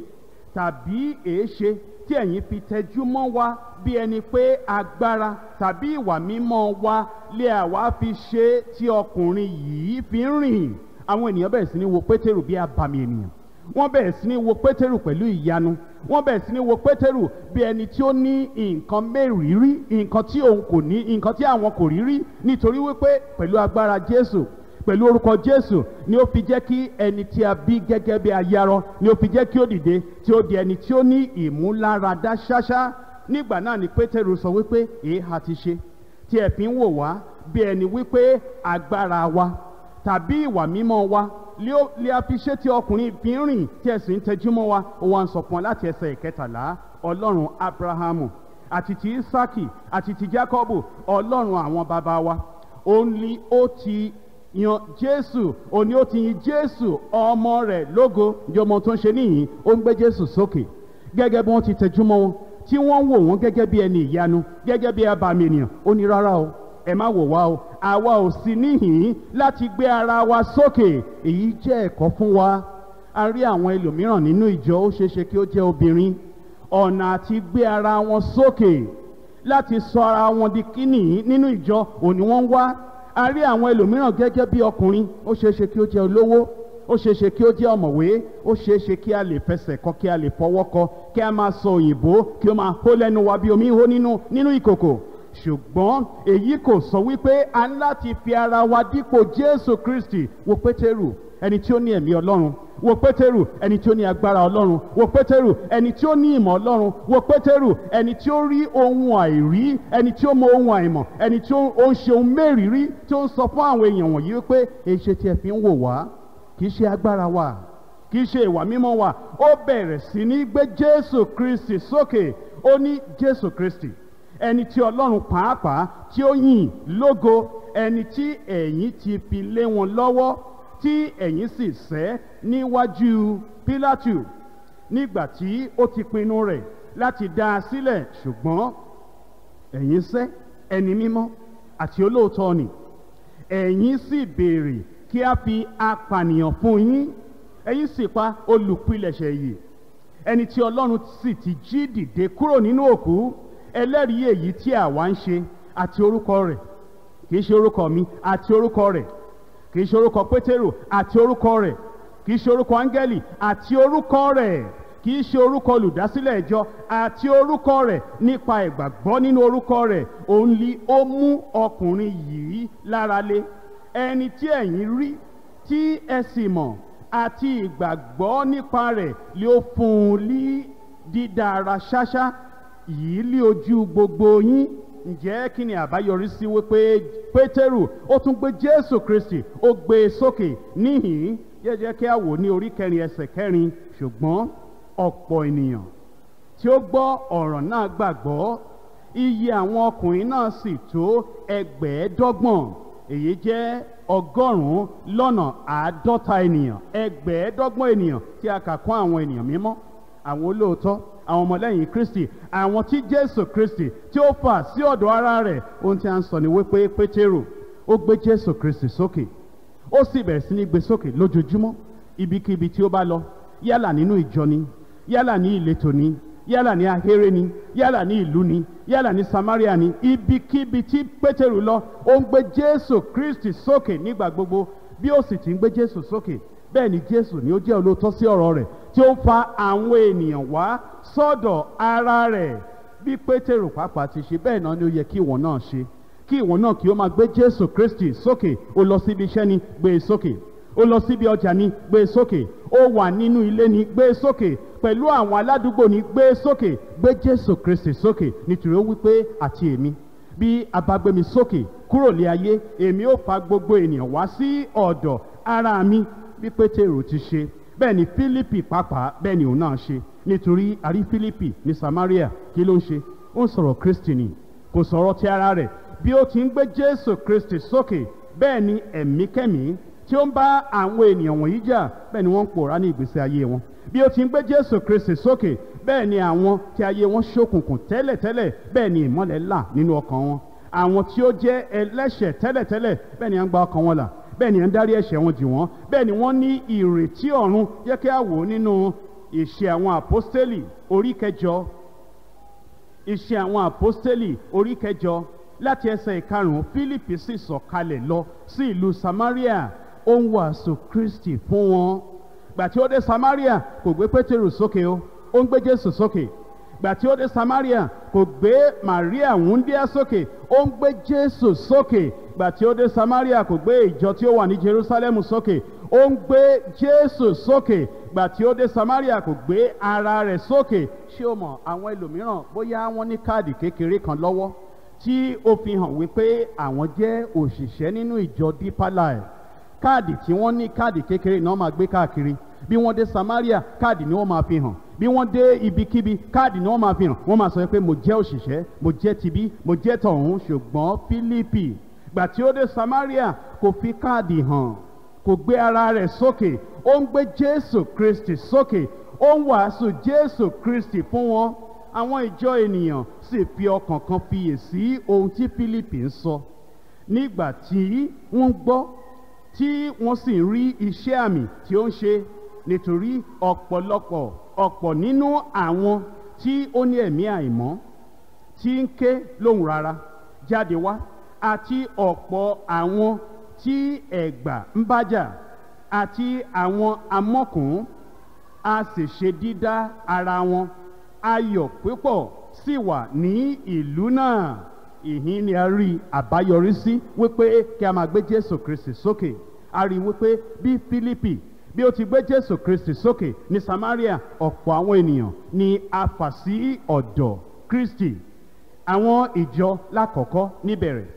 tàbí èéṣe kí ẹ̀yin fi tẹjúmọ́ wa bí ẹni pé agbára tàbí ìwà mímọ́ wa lé àwa fi ṣe tí ọkùnrin yìí fi ń rìn àwọn ènìyàn bẹ̀rẹ̀ sí ní wo pétérù bí abàmì ènìyàn wọ́n bẹ̀rẹ̀ sí ní wo pétérù pẹ̀lú ìyanu wọ́n bẹ̀rẹ̀ sí ní wo pétérù bí ẹni tí ó ní nǹkan mẹ́rìírí nǹkan tí òun kò ní nǹkan tí àwọn kò rí rí nítorí wípé pẹ̀lú agbára jésù pẹ̀lú orúkọ jésù ni ó fi jẹ́ kí ẹni tí a bí gẹ́gẹ́ bí ayarọ ni ó fi jẹ́ kí ó dìde tí ó di ẹni tí ó ní ìmúláradá ṣáṣá nígbà náà ni pétérù sọ wípé èé ha ti ṣe tí ẹ wò wá bí ẹni wípé agbára wa tàbí ìwà mímọ́ wa lé a fi ṣe tí ọkùnrin fi ń rìn tí ẹ tẹjú mọ́ wa ó wá ń sọ láti ẹsẹ̀ ìkẹtàlá ọlọ́run abrahamu àti ti isaki àti ti jacobu ọlọ́run àwọn bàbá wa ó ní ó ti yan jésù òní ó ti yin jésù ọmọ rẹ̀ lógo ní ọmọ tó ń ṣe níyìn ó ń gbé jésù sókè gẹ́gẹ́ bí wọ́n ti tẹjúmọ́ wọn tí wọ́n ń wò wọ́n gẹ́gẹ́ bí ẹni ìyanu gẹ́gẹ́ bí abàmì ènìyàn ó ní rárá o ẹ má wò wá o àwa ò sí níhìn láti gbé ara wa sókè èyí jẹ́ ẹ̀kọ́ fún wa a rí àwọn ẹlòmíràn nínú ìjọ ó ṣeéṣe kí ó jẹ́ obìnrin ọ̀nà àti gbé ara wọn sókè láti sọ ara wọn di kíní nínú ìjọ òní wọ́n wá a rí àwọn ẹlòmíràn gẹ́gẹ́ bí ọkùnrin ó ṣeé ṣe kí ó jẹ́ olówó ó ṣeé ṣe kí ó jẹ́ ọ̀mọ̀wé ó ṣeé ṣe kí a lè fẹsẹ̀ kọ kí a lè fọwọ́ kọ kí a máa sọ òyìnbó kí ó máa hó lẹ́nu wa bí omi hó nínú nínú ìkòkò ṣùgbọ́n èyí kò sọ wípé a ń láti fi ara wa dípò Jésù Kristi wo Pétérù ẹni tí ó ní ẹ̀mí ọlọ́run wo pétérù ẹni tí ó ní agbára ọlọ́run wo pétérù ẹni tí ó ní ìmọ̀ ọlọ́run wo pétérù ẹni tí ó rí ohun àìrí ẹni tí ó mọ ohun àìmọ̀ ẹni tí ó ń ṣe ohun mẹ́rìírí tí ó ń sọ fún àwọn èèyàn wọ̀nyí pé èṣe tí ẹ fi ń wò wá kì í ṣe agbára wa kì í ṣe ìwà mímọ́ wa ó bẹ̀rẹ̀ sí ní gbé jésù kristi sókè ó ní jésù kristi ẹni tí ọlọ́run pàápàá tí ó yìn lógo ẹni tí ẹ̀yin ti fi lé wọn lọ́wọ́ tí ẹ̀yin sì sẹ́ níwájú Pílátù nígbà tí ó ti pinnu rẹ̀ láti dá a sílẹ̀ ṣùgbọ́n ẹ̀yin sẹ́ ẹni mímọ́ àti olóòótọ́ ni ẹ̀yin sì béèrè kí a fi apànìyàn fún yín ẹ̀yin sì pa olùpilẹ̀ṣẹ̀ yìí ẹni tí Ọlọ́run sì ti jí dìde kúrò nínú òkú ẹlẹ́rìí èyí tí àwa ń ṣe àti orúkọ rẹ̀ kì í ṣe orúkọ mi àti orúkọ rẹ̀ kì í ṣe orúkọ pétérù àti orúkọ rẹ̀ kì í ṣe orúkọ áńgẹ́lì àti orúkọ rẹ̀ kì í ṣe orúkọ olùdásílẹ̀ ìjọ àti orúkọ rẹ̀ nípa ìgbàgbọ́ nínú orúkọ rẹ̀ òun ni ó mú ọkùnrin yìí lára lé ẹni tí ẹ̀yin rí tí ẹ sì mọ̀ àti ìgbàgbọ́ nípa rẹ̀ lé ó fún un ní dídára ṣáṣá yìí lé ojú gbogbo yín ǹjẹ́ kí ni àbáyọrí sí wípé pétérù ó tún gbé jésù kristi ó gbé e sókè níhìn jẹ́jẹ́ kí a wò ní orí kẹrin ẹsẹ̀ kẹrin ṣùgbọ́n ọ̀pọ̀ ènìyàn tí ó gbọ́ ọ̀rọ̀ náà gbàgbọ́ iye àwọn ọkùnrin náà sì tó ẹgbẹ̀ẹ́dọ́gbọ̀n èyí jẹ́ ọgọ́rùn-ún lọ́nà àádọ́ta ènìyàn ẹgbẹ̀ẹ́dọ́gbọ̀n ènìyàn tí a kà kún àwọn ènìyàn mímọ́ àwọn olóòótọ́ àwọn ọmọlẹ́yìn kristi àwọn tí jésù kristi tí ó fà sí ọ̀dọ̀ ara rẹ̀ ohun tí a ń sọ ni wípé pétérù ó gbé jésù kristi sókè ó sì bẹ̀rẹ̀ sí ní gbé sókè lójoojúmọ́ ibikíbi tí ó bá lọ yálà nínú ìjọ ni yálà ní ìletò ni yálà ní ahéré ni yálà ní ìlú ni yálà ní samaria ni ibikíbi tí pétérù lọ ó ń gbé jésù kristi sókè nígbà gbogbo bí ó sì ti ń gbé jésù sókè bẹ́ẹ̀ ni jésù ni ó jẹ́ olóòótọ́ sí ọ̀rọ̀ rẹ̀ tí ó ń fa àwọn ènìyàn wá sọ́dọ̀ ara rẹ̀ bí pétérù pàápàá ti ṣe bẹ́ẹ̀ náà ni ó yẹ kí ìwọ náà ṣe kí ìwọ náà kí ó máa gbé jésù kristi sókè ó lọ síbi iṣẹ́ ni gbé e sókè ó lọ síbi ọjà ni gbé e sókè ó wà nínú ilé ni gbé e sókè pẹ̀lú àwọn aládùúgbò ni gbé e sókè gbé jésù kristi sókè nítorí ó wípé àti èmi bí a bá gbé mi sókè kúrò lé ayé èmi ó fa gbogbo ènìyàn wá sí ọ̀dọ̀ ara mi bí pétérù ti ṣe bẹ́ẹ̀ ni fílípì pàápàá bẹ́ẹ̀ ni òun náà ṣe nítorí àrí fílípì ní samaria kí ló ń ṣe ó ń sọ̀rọ̀ kristi ni kò sọ̀rọ̀ ti ara rẹ̀ bí ó ti ń gbé jésù kristi sókè bẹ́ẹ̀ ni ẹ̀mí kẹ́mí tí ó ń bá àwọn ènìyàn wọ̀nyí jà bẹ́ẹ̀ ni wọ́n ń pòórá ní ìgbésí ayé wọn bí ó ti ń gbé jésù kristi sókè bẹ́ẹ̀ ni àwọn tí ayé wọn ṣókùnkùn tẹ́lẹ̀tẹ́lẹ̀ bẹ́ẹ̀ ni ìmọ́lẹ̀ là nínú ọkàn wọn àwọn tí ó jẹ́ ẹlẹ́ṣẹ̀ tẹ́lẹ̀tẹ́lẹ̀ bẹ́ẹ̀ ni à ń gba ọkàn wọn là bẹ́ẹ̀ ni à ń dárí ẹ̀ṣẹ̀ wọn jì wọ́n bẹ́ẹ̀ ni wọ́n ní ìrètí ọ̀run yẹ kí a wò nínú ìṣe àwọn àpọ́stélì orí kẹjọ ìṣe àwọn àpọ́stélì orí kẹjọ láti ẹsẹ̀ ìkarùn-ún Fílípì sì sọ̀kalẹ̀ lọ sí ìlú Samaria ó ń wàásù Kristi fún wọn gbà tí ó dé Samaria kò gbé Pétérù sókè o ó ń gbé Jésù sókè gbà tí ó dé Samaria kò gbé Maria wúndíá sókè ó ń gbé Jésù sókè ìgbà tí ó dé Samaria kò gbé ìjọ tí ó wà ní Jerusalem sókè ó ń gbé Jésù sókè ìgbà tí ó dé Samaria kò gbé ara rẹ̀ sókè ṣé o mọ̀ àwọn ẹlòmíràn bóyá wọ́n ní káàdì kékeré kan lọ́wọ́ tí ó fi hàn wípé àwọn jẹ́ òṣìṣẹ́ nínú ìjọ Deeper Life káàdì tí wọ́n ní káàdì kékeré náà máa gbé káàkiri bí wọ́n dé Samaria káàdì ni wọ́n máa fi hàn bí wọ́n dé ibikíbi káàdì ni wọ́n máa fi hàn wọ́n máa sọ pé mo jẹ́ òṣìṣẹ́ mo jẹ́ tibí mo jẹ́ tọ̀hún ṣùgbọ́n Fílípì gbà tí ó dé Samaria kò fi káàdì hàn kò gbé ara rẹ̀ sókè ó ń gbé Jésù Kristi sókè ó ń wàásù Jésù Kristi fún wọn àwọn ìjọ ènìyàn sì fi ọkàn kan fiyèsí ohun tí Fílípì ń sọ nígbà tí wọ́n gbọ́ tí wọ́n sì ń rí iṣẹ́ àmì tí ó ń ṣe nítorí ọ̀pọ̀lọpọ̀ ọ̀pọ̀ nínú àwọn tí ó ní ẹ̀mí àìmọ́ tí ń ké lóhùn rárá jáde wá àti ọ̀pọ̀ àwọn tí ẹ̀gbà ń bájà àti àwọn amọ́kùn a sì ṣe dídá ara wọn ayọ̀ púpọ̀ sì wà ní ìlú náà ìhín ni a rí àbáyọrí sí wípé kí a máa gbé Jésù Kristi sókè a rí wípé bí Fílípì bí ó ti gbé Jésù Kristi sókè ní Samaria ọ̀pọ̀ àwọn ènìyàn ni a fà sí ọ̀dọ̀ Kristi àwọn ìjọ lákọ̀ọ́kọ́ níbẹ̀rẹ̀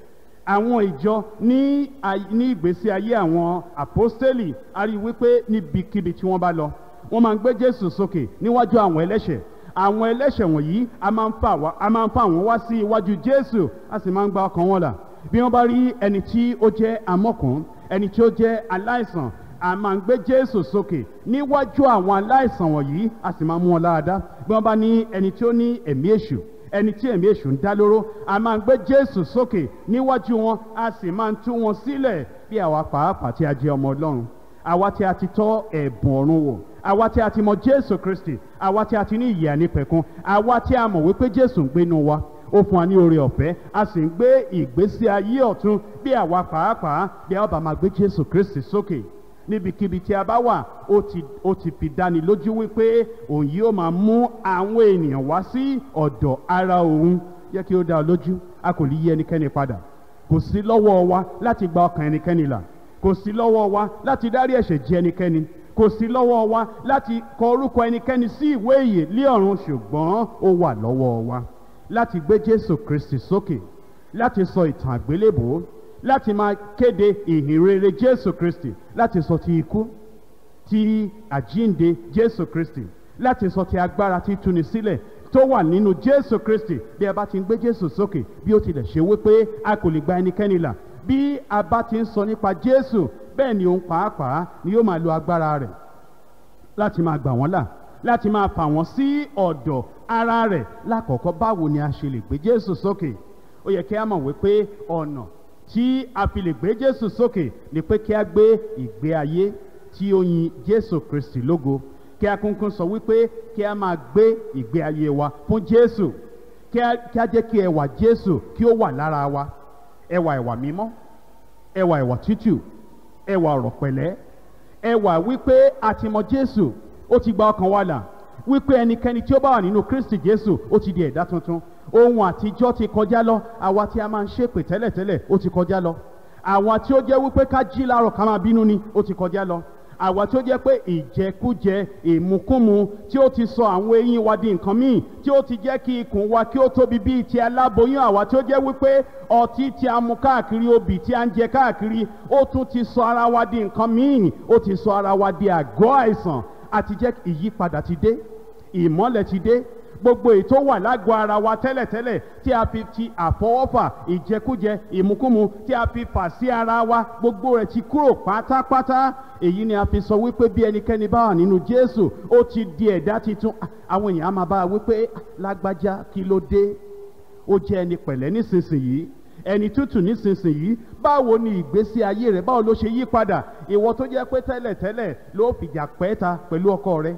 àwọn ìjọ ní ìgbésí ayé àwọn àpọ́stélì a rí wípé níbikíbi tí wọ́n bá lọ wọ́n máa ń gbé Jésù sókè níwájú àwọn ẹlẹ́ṣẹ̀ àwọn ẹlẹ́ṣẹ̀ wọ̀nyí a máa ń fà wọ́n wá sí iwájú Jésù a sì máa ń gba ọkàn wọn là bí wọ́n bá rí ẹni tí ó jẹ́ amọ́kùn ẹni tí ó jẹ́ aláìsàn a máa ń gbé Jésù sókè níwájú àwọn aláìsàn wọ̀nyí a sì máa mú wọn láadáa bí wọ́n bá ní ẹni tí ó ní ẹ̀mí èṣù ẹni tí ẹ̀mí èṣù ń dá lóró a máa ń gbé jésù sókè níwájú wọn a sì máa ń tú wọn sílẹ̀ bí àwa pàápàá tí a jẹ́ ọmọ ọlọ́run àwa tí a ti tọ́ ẹ̀bùn ọ̀run wò àwa tí a ti mọ jésù kristi àwa tí a ti ní ìyè ànípẹ̀kun àwa tí a mọ̀ wípé jésù ń gbénu wa ó fún wa ní oore ọ̀fẹ́ a sì ń gbé ìgbésí ayé ọ̀tun bí àwa pàápàá bí a bá máa gbé jésù kristi sókè níbikíbi tí a bá wà ó ti ó ti fi dáni lójú wípé òun yóò máa mú àwọn ènìyàn wá sí ọ̀dọ̀ ara òun yẹ kí ó dá lójú a kò lè yí ẹnikẹ́ni padà kò sí lọ́wọ́ wa láti gba ọkàn ẹnikẹ́ni là kò sí lọ́wọ́ wa láti dárí ẹ̀ṣẹ̀ jì ẹnikẹ́ni kò sí lọ́wọ́ wa láti kọ orúkọ ẹnikẹ́ni sí ìwé ìyè lé ọ̀run ṣùgbọ́n ó wà lọ́wọ́ wa láti gbé Jésù Kristi sókè láti sọ ìtàn àgbélébòó láti máa kéde ìhìnrere jésù kristi láti sọ ti ikú ti àjínde jésù kristi láti sọ ti agbára ti tuni sílẹ̀ tó wà nínú jésù kristi bí a bá ti ń gbé jésù sókè bí ó tilẹ̀ ṣe wípé a kò lè gba ẹnikẹ́ni là bí a bá ti ń sọ nípa jésù bẹ́ẹ̀ ni òun pàápàá ni yóò máa lo agbára rẹ̀ láti máa gbà wọ́n là láti máa fà wọ́n sí ọ̀dọ̀ ara rẹ̀ lákọ̀ọ́kọ́ báwo ni a ṣe lè gbé jésù sókè ó yẹ kí a mọ̀ wípé ọ̀nà tí a fi lè gbé Jésù sókè ni pé kí a gbé ìgbé ayé tí ó yin Jésù Kristi lógo kí a kúnkún sọ wípé kí a máa gbé ìgbé ayé wa fún Jésù kí a kí a jẹ́ kí ẹwà Jésù kí ó wà lára wa ẹwà ẹwà mímọ́ ẹwà ẹwà tútù ẹwà ọ̀rọ̀ pẹ̀lẹ́ ẹwà wípé a ti mọ Jésù ó ti gba ọkàn wa là wípé ẹnikẹ́ni tí ó bá wà nínú Kristi Jésù ó ti di ẹ̀dá tuntun ohun àtijọ́ ti kọjá lọ àwa tí a máa ń ṣépè tẹ́lẹ̀tẹ́lẹ̀ ó ti kọjá lọ àwa tí ó jẹ́ wípé ká jí láàárọ̀ ká máa bínú ni ó ti kọjá lọ àwa tí ó jẹ́ pé ìjẹkújẹ ìmukúmu tí ó ti sọ àwọn eyín wa di nǹkan míì tí ó ti jẹ́ kí ikùn wa kí ó tóbi bíi ti aláboyún àwa tí ó jẹ́ wípé ọtí tí a mu káàkiri obì tí a ń jẹ káàkiri ó tún ti sọ ara wa di nǹkan míì ó ti sọ ara wa di àgọ́ àìsàn àti jẹ́ ìyípadà ti dé ìmọ́lẹ̀ ti dé gbogbo ètò wà lágọ̀ ara wa tẹ́lẹ̀tẹ́lẹ̀ tí a fi ti àfọwọ́fà ìjẹkújẹ ìmukúmu tí a fi fà sí ara wa gbogbo rẹ̀ ti kúrò pátápátá èyí ni a fi sọ wípé bí ẹnikẹ́ni bá wà nínú Jésù ó ti di ẹ̀dá titun àwọn èèyàn á máa bá a wípé lágbájá kí ló dé ó jẹ́ ẹni pẹ̀lẹ́ nísinsìnyí ẹni tútù nísinsìnyí báwo ni ìgbésí ayé rẹ báwo ló ṣe yí padà ìwọ tó jẹ́ pé tẹ́lẹ̀tẹ́lẹ̀ ló fìjà pẹ́ta pẹ̀lú ọkọ rẹ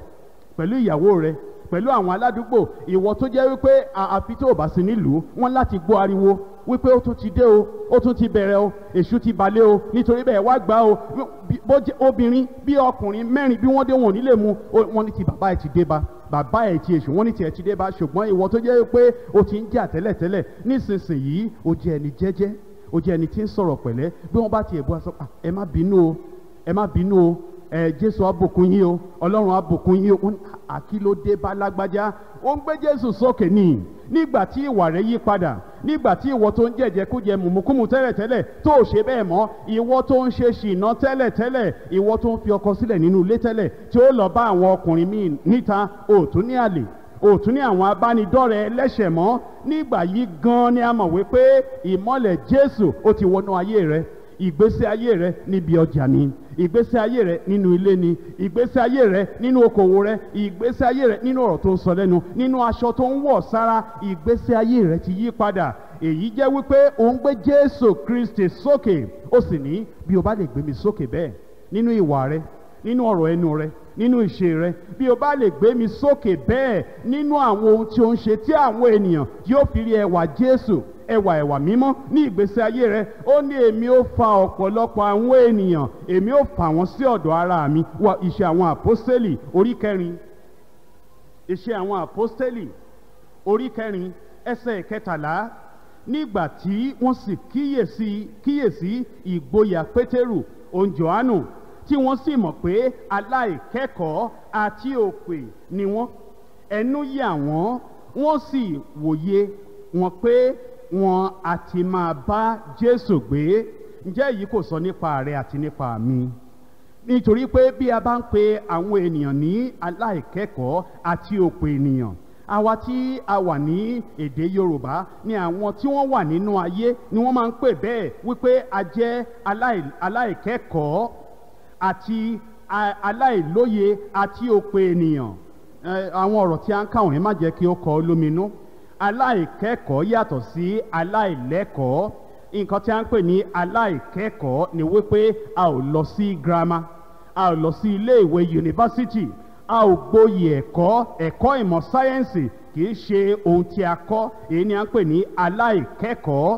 pẹ̀lú ìyàwó rẹ pẹ̀lú àwọn aládùúgbò ìwọ tó jẹ́ wípé àfi tó bá sí nílùú wọn láti gbọ́ ariwo wípé ó tún ti dé o ó tún ti bẹ̀rẹ̀ o èṣù ti balẹ̀ o nítorí bẹ́ẹ̀ wá gbà o bó obìnrin bí ọkùnrin mẹ́rin bí wọ́n dé wọn ò ní lè mu wọn ní ti bàbá ẹ̀ ti dé ba bàbá ẹ̀ ti èṣù wọn ní tiẹ̀ ti dé ba ṣùgbọ́n ìwọ tó jẹ́ wípé o ti ń jà tẹ́lẹ̀tẹ́lẹ̀ nísinsìnyí o jẹ́ ẹni jẹ́jẹ́ o jẹ́ ẹni tí ń sọ̀rọ̀ pẹ̀lẹ́ bí wọ́n bá tiẹ̀ bu aṣọ ẹ má bínú o ẹ má bínú o ẹ jésù àbùkún yín o ọlọ́run àbùkún yín o àkílódé bá lágbájá ó ń gbé jésù sókè ní nígbà tí ìwà rẹ yí padà nígbà tí ìwọ tó ń jẹjẹ kú jẹ mùmùkúmù tẹ́lẹ̀tẹ́lẹ̀ tó ò ṣe bẹ́ẹ̀ mọ́ ìwọ tó ń ṣe ṣìnà tẹ́lẹ̀tẹ́lẹ̀ ìwọ tó ń fi ọkọ sílẹ̀ nínú ilé tẹ́lẹ̀ tí ó lọ bá àwọn ọkùnrin míì níta òtún ní àlè òtún ní àwọn abánidọ́rẹ̀ẹ́ ẹlẹ́ṣẹ̀ mọ́ nígbà yìí gan ni a mọ̀ wípé ìmọ́lẹ̀ jésù ó ti wọnú ayé rẹ ìgbésí ayé rẹ níbi ọjà ni ìgbésí ayé rẹ nínú ilé ni ìgbésí ayé rẹ nínú okòwò rẹ ìgbésí ayé rẹ nínú ọ̀rọ̀ tó ń sọ lẹ́nu nínú aṣọ tó ń wọ̀ sára ìgbésí ayé rẹ ti yí padà èyí jẹ́ wípé ò ń gbé Jésù Kristi sókè ó sì ní bí o bá lè gbé mi sókè bẹ́ẹ̀ nínú ìwà rẹ nínú ọ̀rọ̀ ẹnu rẹ nínú ìṣe rẹ bí o bá lè gbé mi sókè bẹ́ẹ̀ nínú àwọn ohun tí o ń ṣe tí àwọn ènìyàn yóò fi rí ẹwà Jésù ẹwà ẹwà mímọ́ ní ìgbésí ayé rẹ ó ní èmi ó fa ọ̀pọ̀lọpọ̀ àwọn ènìyàn èmi ó fà wọ́n sí ọ̀dọ̀ ara mi wọ ìṣe àwọn àpọ́sẹ́lì orí kẹrin ìṣe àwọn àpọ́sẹ́lì orí kẹrin ẹsẹ̀ kẹtàlá nígbà tí wọ́n sì kíyèsí kíyèsí ìgboyà pétérù òun tí wọ́n sì mọ̀ pé aláìkẹ́kọ̀ọ́ àti òpè ni wọ́n ẹnu yà wọ́n wọ́n sì wòye wọn pé wọn a ti máa bá Jésù gbé ǹjẹ́ èyí kò sọ nípa rẹ àti nípa mi nítorí pé bí a bá ń pe àwọn ènìyàn ní aláìkẹ́kọ̀ọ́ àti òpò ènìyàn àwa tí a wà ní èdè Yorùbá ni àwọn tí wọ́n wà nínú ayé ni wọ́n máa ń pè bẹ́ẹ̀ wípé a jẹ́ aláìkẹ́kọ̀ọ́ àti aláìlóye àti òpò ènìyàn àwọn ọ̀rọ̀ tí a ń kà wọ̀nyí má jẹ́ kí ó kọ lóminú. No? aláìkẹ́kọ̀ọ́ yàtọ̀ sí aláìlẹ́kọ̀ọ́ nǹkan tí a ń pè ní aláìkẹ́kọ̀ọ́ ni wípé a ò lọ sí girama a ò lọ sí ilé ìwé yunifásitì a ò gboyè ẹ̀kọ́ ẹ̀kọ́ ìmọ̀ sáyẹ́ǹsì kì í ṣe ohun tí a kọ́ èyí ni a ń pè ní aláìkẹ́kọ̀ọ́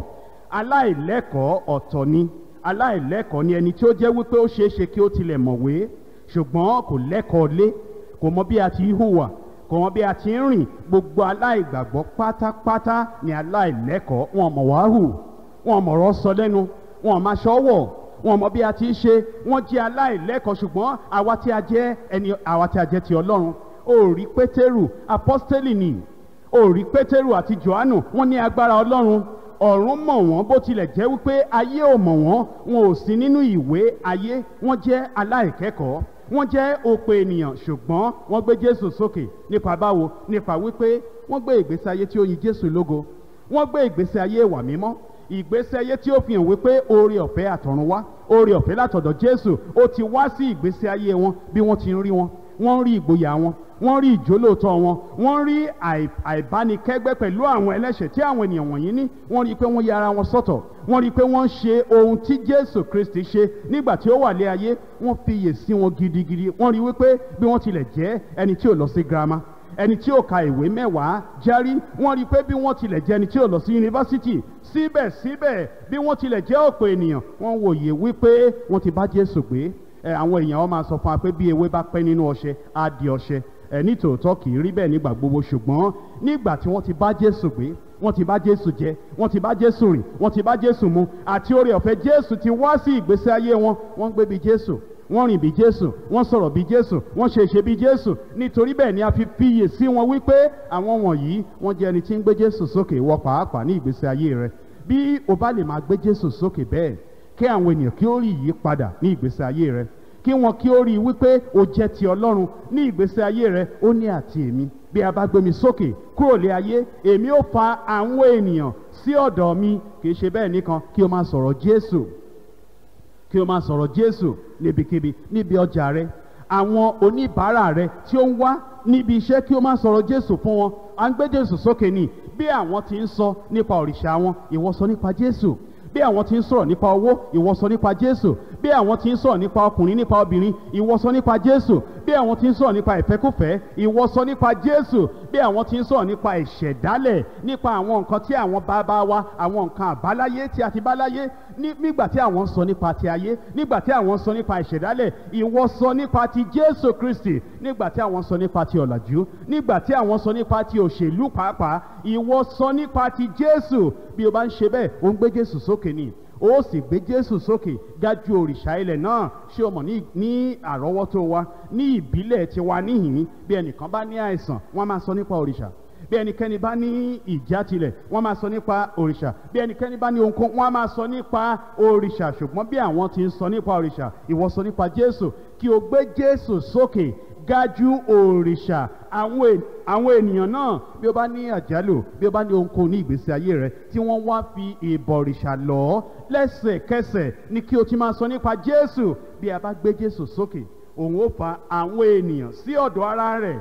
aláìlẹ́kọ̀ọ́ ọ̀tọ̀ ni aláìlẹ́kọ̀ọ́ ni ẹni tí ó jẹ́ wípé ó ṣeé kí ó tilẹ̀ mọ̀wé ṣùgbọ́n kò lẹ́kọ̀ọ́ lé kò mọ bí a ti hùwà kọ̀ wọ́n bí a ti ń rìn gbogbo aláìgbàgbọ́ pátápátá ni aláìlẹ́kọ̀ọ́ wọn mọ̀ wá hù wọn mọ̀ ọ̀rọ̀ sọ lẹ́nu wọn máa ṣọ́wọ̀ wọn mọ̀ bí a ti ń ṣe wọ́n jẹ́ aláìlẹ́kọ̀ọ́ ṣùgbọ́n àwa tí a jẹ́ ẹni àwa tí a jẹ́ ti Ọlọ́run ó Pétérù apọ́stélì ni ó rí Pétérù àti Jòhánù wọ́n ní agbára Ọlọ́run ọ̀run mọ̀ wọ́n bó tilẹ̀ jẹ́ wípé ayé ò mọ̀ wọ́n wọn ò sí nínú ìwé ayé wọ́n jẹ́ aláìkẹ́kọ̀ọ́ wọ́n jẹ́ òpè ènìyàn ṣùgbọ́n wọ́n gbé Jésù sókè nípa báwo nípa wípé wọ́n gbé ìgbésí ayé tí ó yin Jésù lógo wọ́n gbé ìgbésí ayé ìwà mímọ́ ìgbésí ayé tí ó fi hàn wípé oore ọ̀fẹ́ àtọ̀run wá oore ọ̀fẹ́ látọ̀dọ̀ Jésù ó ti wá sí ìgbésí ayé wọn bí wọ́n ti ń rí wọn wọ́n rí ìgboyà wọn wọ́n rí ìjólóòtọ́ wọn wọ́n rí àìbánikẹ́gbẹ́ pẹ̀lú àwọn ẹlẹ́ṣẹ̀ tí àwọn ènìyàn wọ̀nyí ní wọ́n rí i pé wọ́n ya ara wọn sọ́tọ̀ wọ́n rí i pé wọ́n ń ṣe ohun tí Jésù Kristi ṣe nígbà tí ó wà lé ayé wọ́n fiyè sí wọn gidigidi wọ́n rí i wípé bí wọ́n tilẹ̀ jẹ́ ẹni tí ò lọ sí girama ẹni tí ó ka ìwé mẹ́wàá járí wọ́n rí i pé bí wọ́n tilẹ̀ jẹ́ ẹni tí ó lọ sí yunifásitì síbẹ̀síbẹ̀ bí wọ́n tilẹ̀ jẹ́ ọ̀pọ̀ ènìyàn wọ́n wòye wípé wọ́n ti bá Jésù gbé àwọn èèyàn wọn máa sọ fún wa pé bí ewé bá pẹ́ nínú ọṣẹ á di ọṣẹ nítòótọ́ kì í rí bẹ́ẹ̀ nígbà gbogbo ṣùgbọ́n nígbà tí wọ́n ti bá Jésù gbé wọ́n ti bá Jésù jẹ wọ́n ti bá Jésù rìn wọ́n ti bá Jésù mu àti oore ọ̀fẹ́ Jésù ti wá sí ìgbésí ayé wọn wọ́n ń gbé bí Jésù wọ́n rìn bí jésù wọ́n sọ̀rọ̀ bí jésù wọ́n ṣe ìṣe bí jésù nítorí bẹ́ẹ̀ ni a fi fiyè sí wọn wípé àwọn wọ̀nyí wọ́n jẹ́ ẹni tí ń gbé jésù sókè wọ pàápàá ní ìgbésí ayé rẹ bí o bá lè máa gbé jésù sókè bẹ́ẹ̀ kí àwọn ènìyàn kí ó rí ìyípadà ní ìgbésí ayé rẹ kí wọn kí ó rí wípé o jẹ́ ti Ọlọ́run ní ìgbésí ayé rẹ ó ní àti èmi bí a bá gbé mi sókè kúrò lé ayé èmi ó fa àwọn ènìyàn sí ọ̀dọ̀ mi kì í ṣe bẹ́ẹ̀ nìkan kí o máa sọ̀rọ̀ Jésù kí o máa sọ̀rọ̀ Jésù níbikíbi níbi ọjà rẹ àwọn oníbàárà rẹ tí ó ń wá níbi iṣẹ́ kí o máa sọ̀rọ̀ Jésù fún wọn à ń gbé Jésù sókè ni bí àwọn ti ń sọ nípa òrìṣà wọn ìwọ sọ nípa Jésù bí àwọn tí ń sọ̀rọ̀ nípa owó ìwọ sọ nípa Jésù bí àwọn tí ń sọ̀rọ̀ nípa ọkùnrin nípa obìnrin ìwọ sọ nípa Jésù bí àwọn ti ń sọ̀rọ̀ nípa ìfẹ́kùfẹ́ ìwọ sọ nípa Jésù bí àwọn ti ń sọ̀rọ̀ nípa ìṣẹ̀dálẹ̀ nípa àwọn nǹkan tí àwọn bàbá wa àwọn nǹkan àbáláyé tí a ti báláyé nígbà tí àwọn sọ nípa ti ayé nígbà tí àwọn sọ nípa ìṣẹ̀dálẹ̀ ìwọ sọ nípa ti Jésù Kristi nígbà tí àwọn sọ nípa ti ọ̀làjú nígbà tí àwọn sọ nípa ti òṣèlú pàápàá ìwọ sọ nípa ti Jésù bí o bá ń ṣe bẹ́ẹ̀ ò ń gbé Jésù sókè ni ó sì gbé jésù sókè gájú òrìṣà ilẹ̀ náà ṣé o mọ̀ ní àrọ́wọ́tó wa ní ìbílẹ̀ tiwa níhìn bí ẹnìkan bá ní àìsàn wọ́n máa sọ nípa òrìṣà bí ẹnikẹ́ni bá ní ìjátilẹ̀ wọ́n máa sọ nípa òrìṣà bí ẹnikẹ́ni bá ní ohunkóhun wọ́n máa sọ nípa òrìṣà ṣùgbọ́n bí àwọn ti ń sọ nípa òrìṣà ìwọ sọ nípa jésù kí o gbé jésù sókè gájú òrìṣà àwọn ènìyàn náà bí ó bá ní àjálù bí ó bá ní ohunkóhun ní ìgbésí ayé rẹ tí wọ́n wá fi ìbọ̀rìṣà lọ̀ ọ́ ni kí o ti máa sọ nípa Jésù bí a bá gbé Jésù sókè òun ó fa àwọn ènìyàn sí ọ̀dọ̀ ara rẹ̀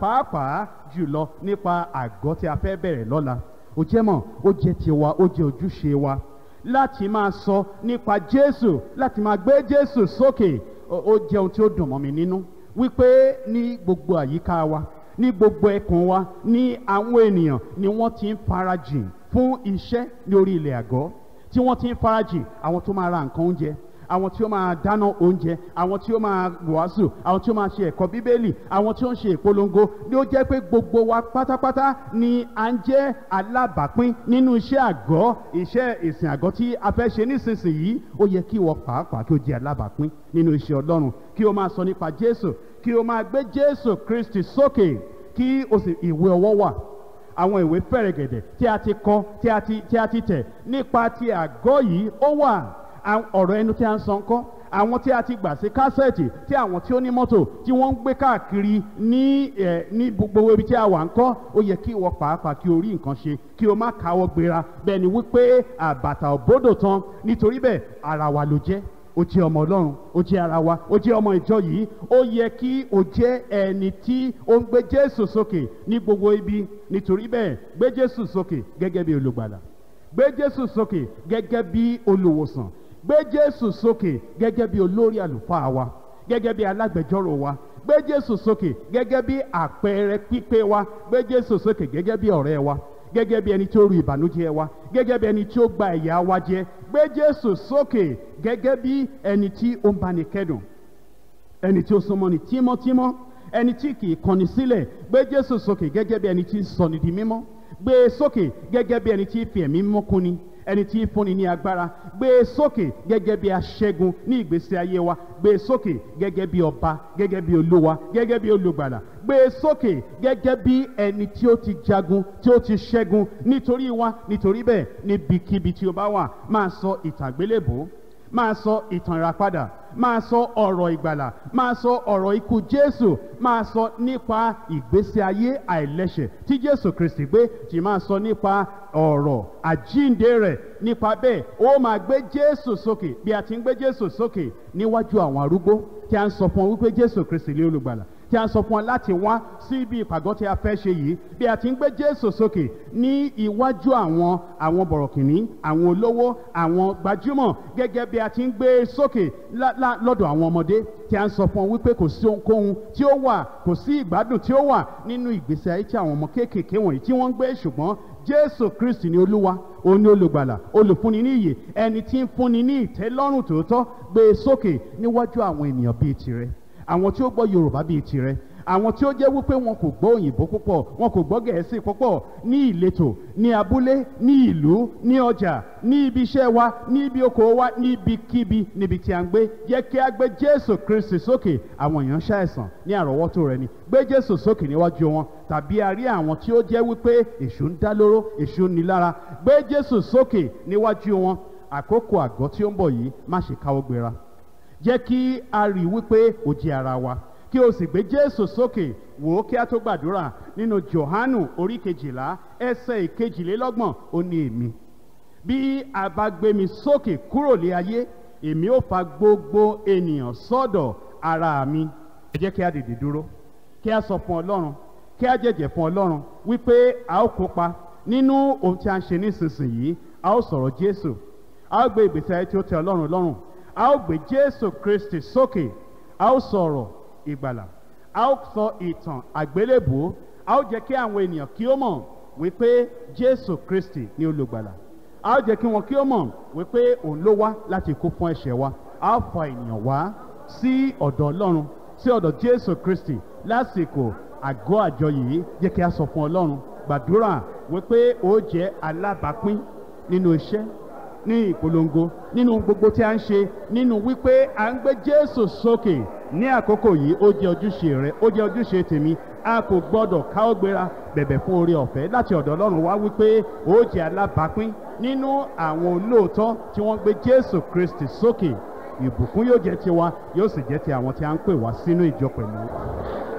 pàápàá jùlọ nípa àgọ́ tí a fẹ́ bẹ̀rẹ̀ lọ́la ó jẹ́ mọ̀ ó jẹ́ tiwa ó jẹ́ ojúṣe wa láti máa sọ nípa Jésù láti máa gbé Jésù sókè ó jẹ́ ohun tí ó dùn mọ́ mi nínú wípé ní gbogbo àyíká wa ní gbogbo ẹkùn wa ní àwọn ènìyàn ni wọ́n ti ń farajìn fún iṣẹ́ ní orí ilẹ̀ àgọ́ tí wọ́n ti ń farajìn àwọn tó máa ra nǹkan oúnjẹ àwọn tí ó máa dáná oúnjẹ àwọn tí ó máa wàásù àwọn tí ó máa ṣe ẹ̀kọ́ bíbélì àwọn tí ó ń ṣe ìpolongo ni ó jẹ́ pé gbogbo wa pátápátá ni à ń jẹ́ alábàápín nínú iṣẹ́ àgọ́ iṣẹ́ ìsìn àgọ́ tí a fẹ́ ṣe nísinsìnyí ó yẹ kí wọ́n pàápàá kí ó jẹ́ alábàápín nínú iṣẹ́ Ọlọ́run kí o máa sọ nípa Jésù kí o máa gbé Jésù Kristi sókè kí o sì ìwé ọwọ́ wà àwọn ìwé fẹ̀rẹ̀gẹ̀dẹ̀ tí a ti kọ tí a ti tẹ̀ nípa ti àgọ́ yìí ó wà ọ̀rọ̀ ẹnu tí a ń sọ ńkọ́ àwọn tí a ti gbà sí kásẹ̀tì tí àwọn tí ó ní mọ́tò tí wọ́n ń gbé káàkiri ní ẹ̀ ní gbogbo ibi tí a wà ń kọ́ ó yẹ kí ìwọ pàápàá kí o rí nǹkan ṣe kí o má káwọ́ gbéra bẹ́ẹ̀ ni wípé àbàtà òbódò tán nítorí bẹ́ẹ̀ ara wa ló jẹ́ o jẹ́ ọmọ Ọlọ́run o jẹ́ ara wa o jẹ́ ọmọ ìjọ yìí ó yẹ kí o jẹ́ ẹni tí ó ń gbé Jésù sókè ní gbogbo ibi nítorí bẹ́ẹ̀ gbé Jésù sókè gẹ́gẹ́ bí olùgbàlà gbé Jésù sókè gẹ́gẹ́ bí olùwòsàn gbé jésù sókè gẹ́gẹ́ bí olórí àlùfáà wa gẹ́gẹ́ bí alágbẹjọ́rò wa gbé jésù sókè gẹ́gẹ́ bí àpẹẹrẹ pípé wa gbé jésù sókè gẹ́gẹ́ bí ọ̀rẹ́ wa gẹ́gẹ́ bí ẹni tí ó ru ìbànújẹ́ wa gẹ́gẹ́ bí ẹni tí ó gba ẹ̀yà wa jẹ gbé jésù sókè gẹ́gẹ́ bí ẹni tí ó ń bani kẹ́dùn ẹni tí ó súnmọ́ ni tímọ́tímọ́ ẹni tí kì í kọni sílẹ̀ gbé jésù sókè gẹ́gẹ́ bí ẹni tí ń sọni di mímọ́ gbé e sókè gẹ́gẹ́ bí ẹni tí fi ẹ̀mí mọ́kúnni ẹni tí ń fúnni ní agbára gbé e sókè gẹ́gẹ́ bí aṣẹ́gun ní ìgbésí ayé wa gbé e sókè gẹ́gẹ́ bí ọba gẹ́gẹ́ bí olúwa gẹ́gẹ́ bí olùgbàlà gbé e sókè gẹ́gẹ́ bí ẹni tí ó ti jagun tí ó ti ṣẹ́gun nítorí wa nítorí bẹ́ẹ̀ níbikíbi tí o bá wà máa sọ ìtàgbélébò máa sọ ìtàn ìràpadà máa sọ ọ̀rọ̀ ìgbàlà máa sọ ọ̀rọ̀ ikú Jésù máa sọ nípa ìgbésí ayé àìlẹ́ṣẹ̀ tí Jésù Kristi gbé tí máa sọ nípa ọ̀rọ̀ àjíǹde rẹ̀ nípa bẹ́ẹ̀ ó máa gbé Jésù sókè bí a ti ń gbé Jésù sókè níwájú àwọn arúgbó tí a ń sọ fún wípé Jésù Kristi ni olùgbàlà tí a sọ fún ọ láti wá sí ibi ìpàgọ́ tí a fẹ́ ṣe yìí bí a ti ń gbé Jésù sókè ní iwájú àwọn àwọn bọ̀rọ̀kìnní àwọn olówó àwọn gbajúmọ̀ gẹ́gẹ́ bí a ti ń gbé sókè lọ́dọ̀ àwọn ọmọdé tí a ń sọ fún ọ wípé kò sí ohunkóhun tí ó wà kò sí ìgbádùn tí ó wà nínú ìgbésí ayé tí àwọn ọmọ kéékèèké wọ̀nyí tí wọ́n ń gbé ṣùgbọ́n Jésù Kristi ni Olúwa òun olùgbàlà olùfúnni ní ìyè ẹni tí ń fúnni ní ìtẹ́lọ́rùn tòótọ́ gbé e sókè níwájú àwọn ènìyàn bíi tirẹ̀ àwọn tí ó gbọ́ yorùbá bíi tirẹ̀ àwọn tí ó jẹ́ wípé wọn kò gbọ́ òyìnbó púpọ̀ wọn kò gbọ́ gẹ̀ẹ́sì púpọ̀ ní ìletò ní abúlé ní ìlú ní ọjà ní ibi iṣẹ́ wa ní ibi okòwò wa ní ibikíbi níbi tí a ń gbé jẹ́ kí a gbé jésù kristi sókè àwọn èèyàn ṣàìsàn ní àrọ́wọ́tó rẹ ni gbé jésù sókè níwájú wọn tàbí a rí àwọn tí ó jẹ́ wípé èṣù ń dá lóró èṣù ń ni lára gbé jésù sókè níwájú wọn àkókò àgọ́ tí ó ń bọ̀ yìí má ṣe káwọ́ gbéra jẹ́ kí a rí wípé ó jẹ́ ara wa kí o sì gbé jésù sókè wò ó kí a tó gbàdúrà nínú johanu orí kejìlá ẹsẹ̀ ìkejìlélọ́gbọ̀n ó ní èmi bí a bá gbé mi sókè kúrò lé ayé èmi ó fa gbogbo ènìyàn sọ́dọ̀ ara mi ẹ jẹ́ kí a dìde dúró kí a sọ fún ọlọ́run kí a jẹ̀jẹ̀ fún ọlọ́run wípé a ó kópa nínú ohun tí a ń ṣe nísinsìnyí a ó sọ̀rọ̀ jésù a ó gbé ìgbésẹ̀ tí ó tẹ́ ọlọ́run lọ́rùn a ó gbé Jésù Kristi sókè a ó sọ̀rọ̀ ìgbàlà a ó sọ ìtàn àgbélébò a ó jẹ́ kí àwọn ènìyàn kí ó mọ̀ wípé Jésù Kristi ni olùgbàlà a ó jẹ́ kí wọn kí ó mọ̀ wípé òun ló wá láti kú fún ẹ̀ṣẹ̀ wa a ó fa ènìyàn wá sí ọ̀dọ̀ Ọlọ́run sí ọ̀dọ̀ Jésù Kristi lásìkò àgọ́ àjọ yìí jẹ́ kí a sọ fún Ọlọ́run gbàdúrà wípé ó jẹ́ alábàápín nínú iṣẹ́ ní ìpolongo nínú gbogbo tí a ń ṣe nínú wípé à ń gbé Jésù sókè ní àkókò yìí ó jẹ́ ojúṣe rẹ ó jẹ́ ojúṣe tèmi a kò gbọ́dọ̀ káwọ́ gbéra bẹ̀bẹ̀ fún oore ọ̀fẹ́ láti ọ̀dọ̀ Ọlọ́run wá wípé ó jẹ́ alábàápín nínú àwọn olóòótọ́ tí wọ́n gbé Jésù Kristi sókè ìbùkún yóò jẹ́ tiwa yóò sì jẹ́ ti àwọn tí a ń pè wá sínú ìjọ pẹ̀lú.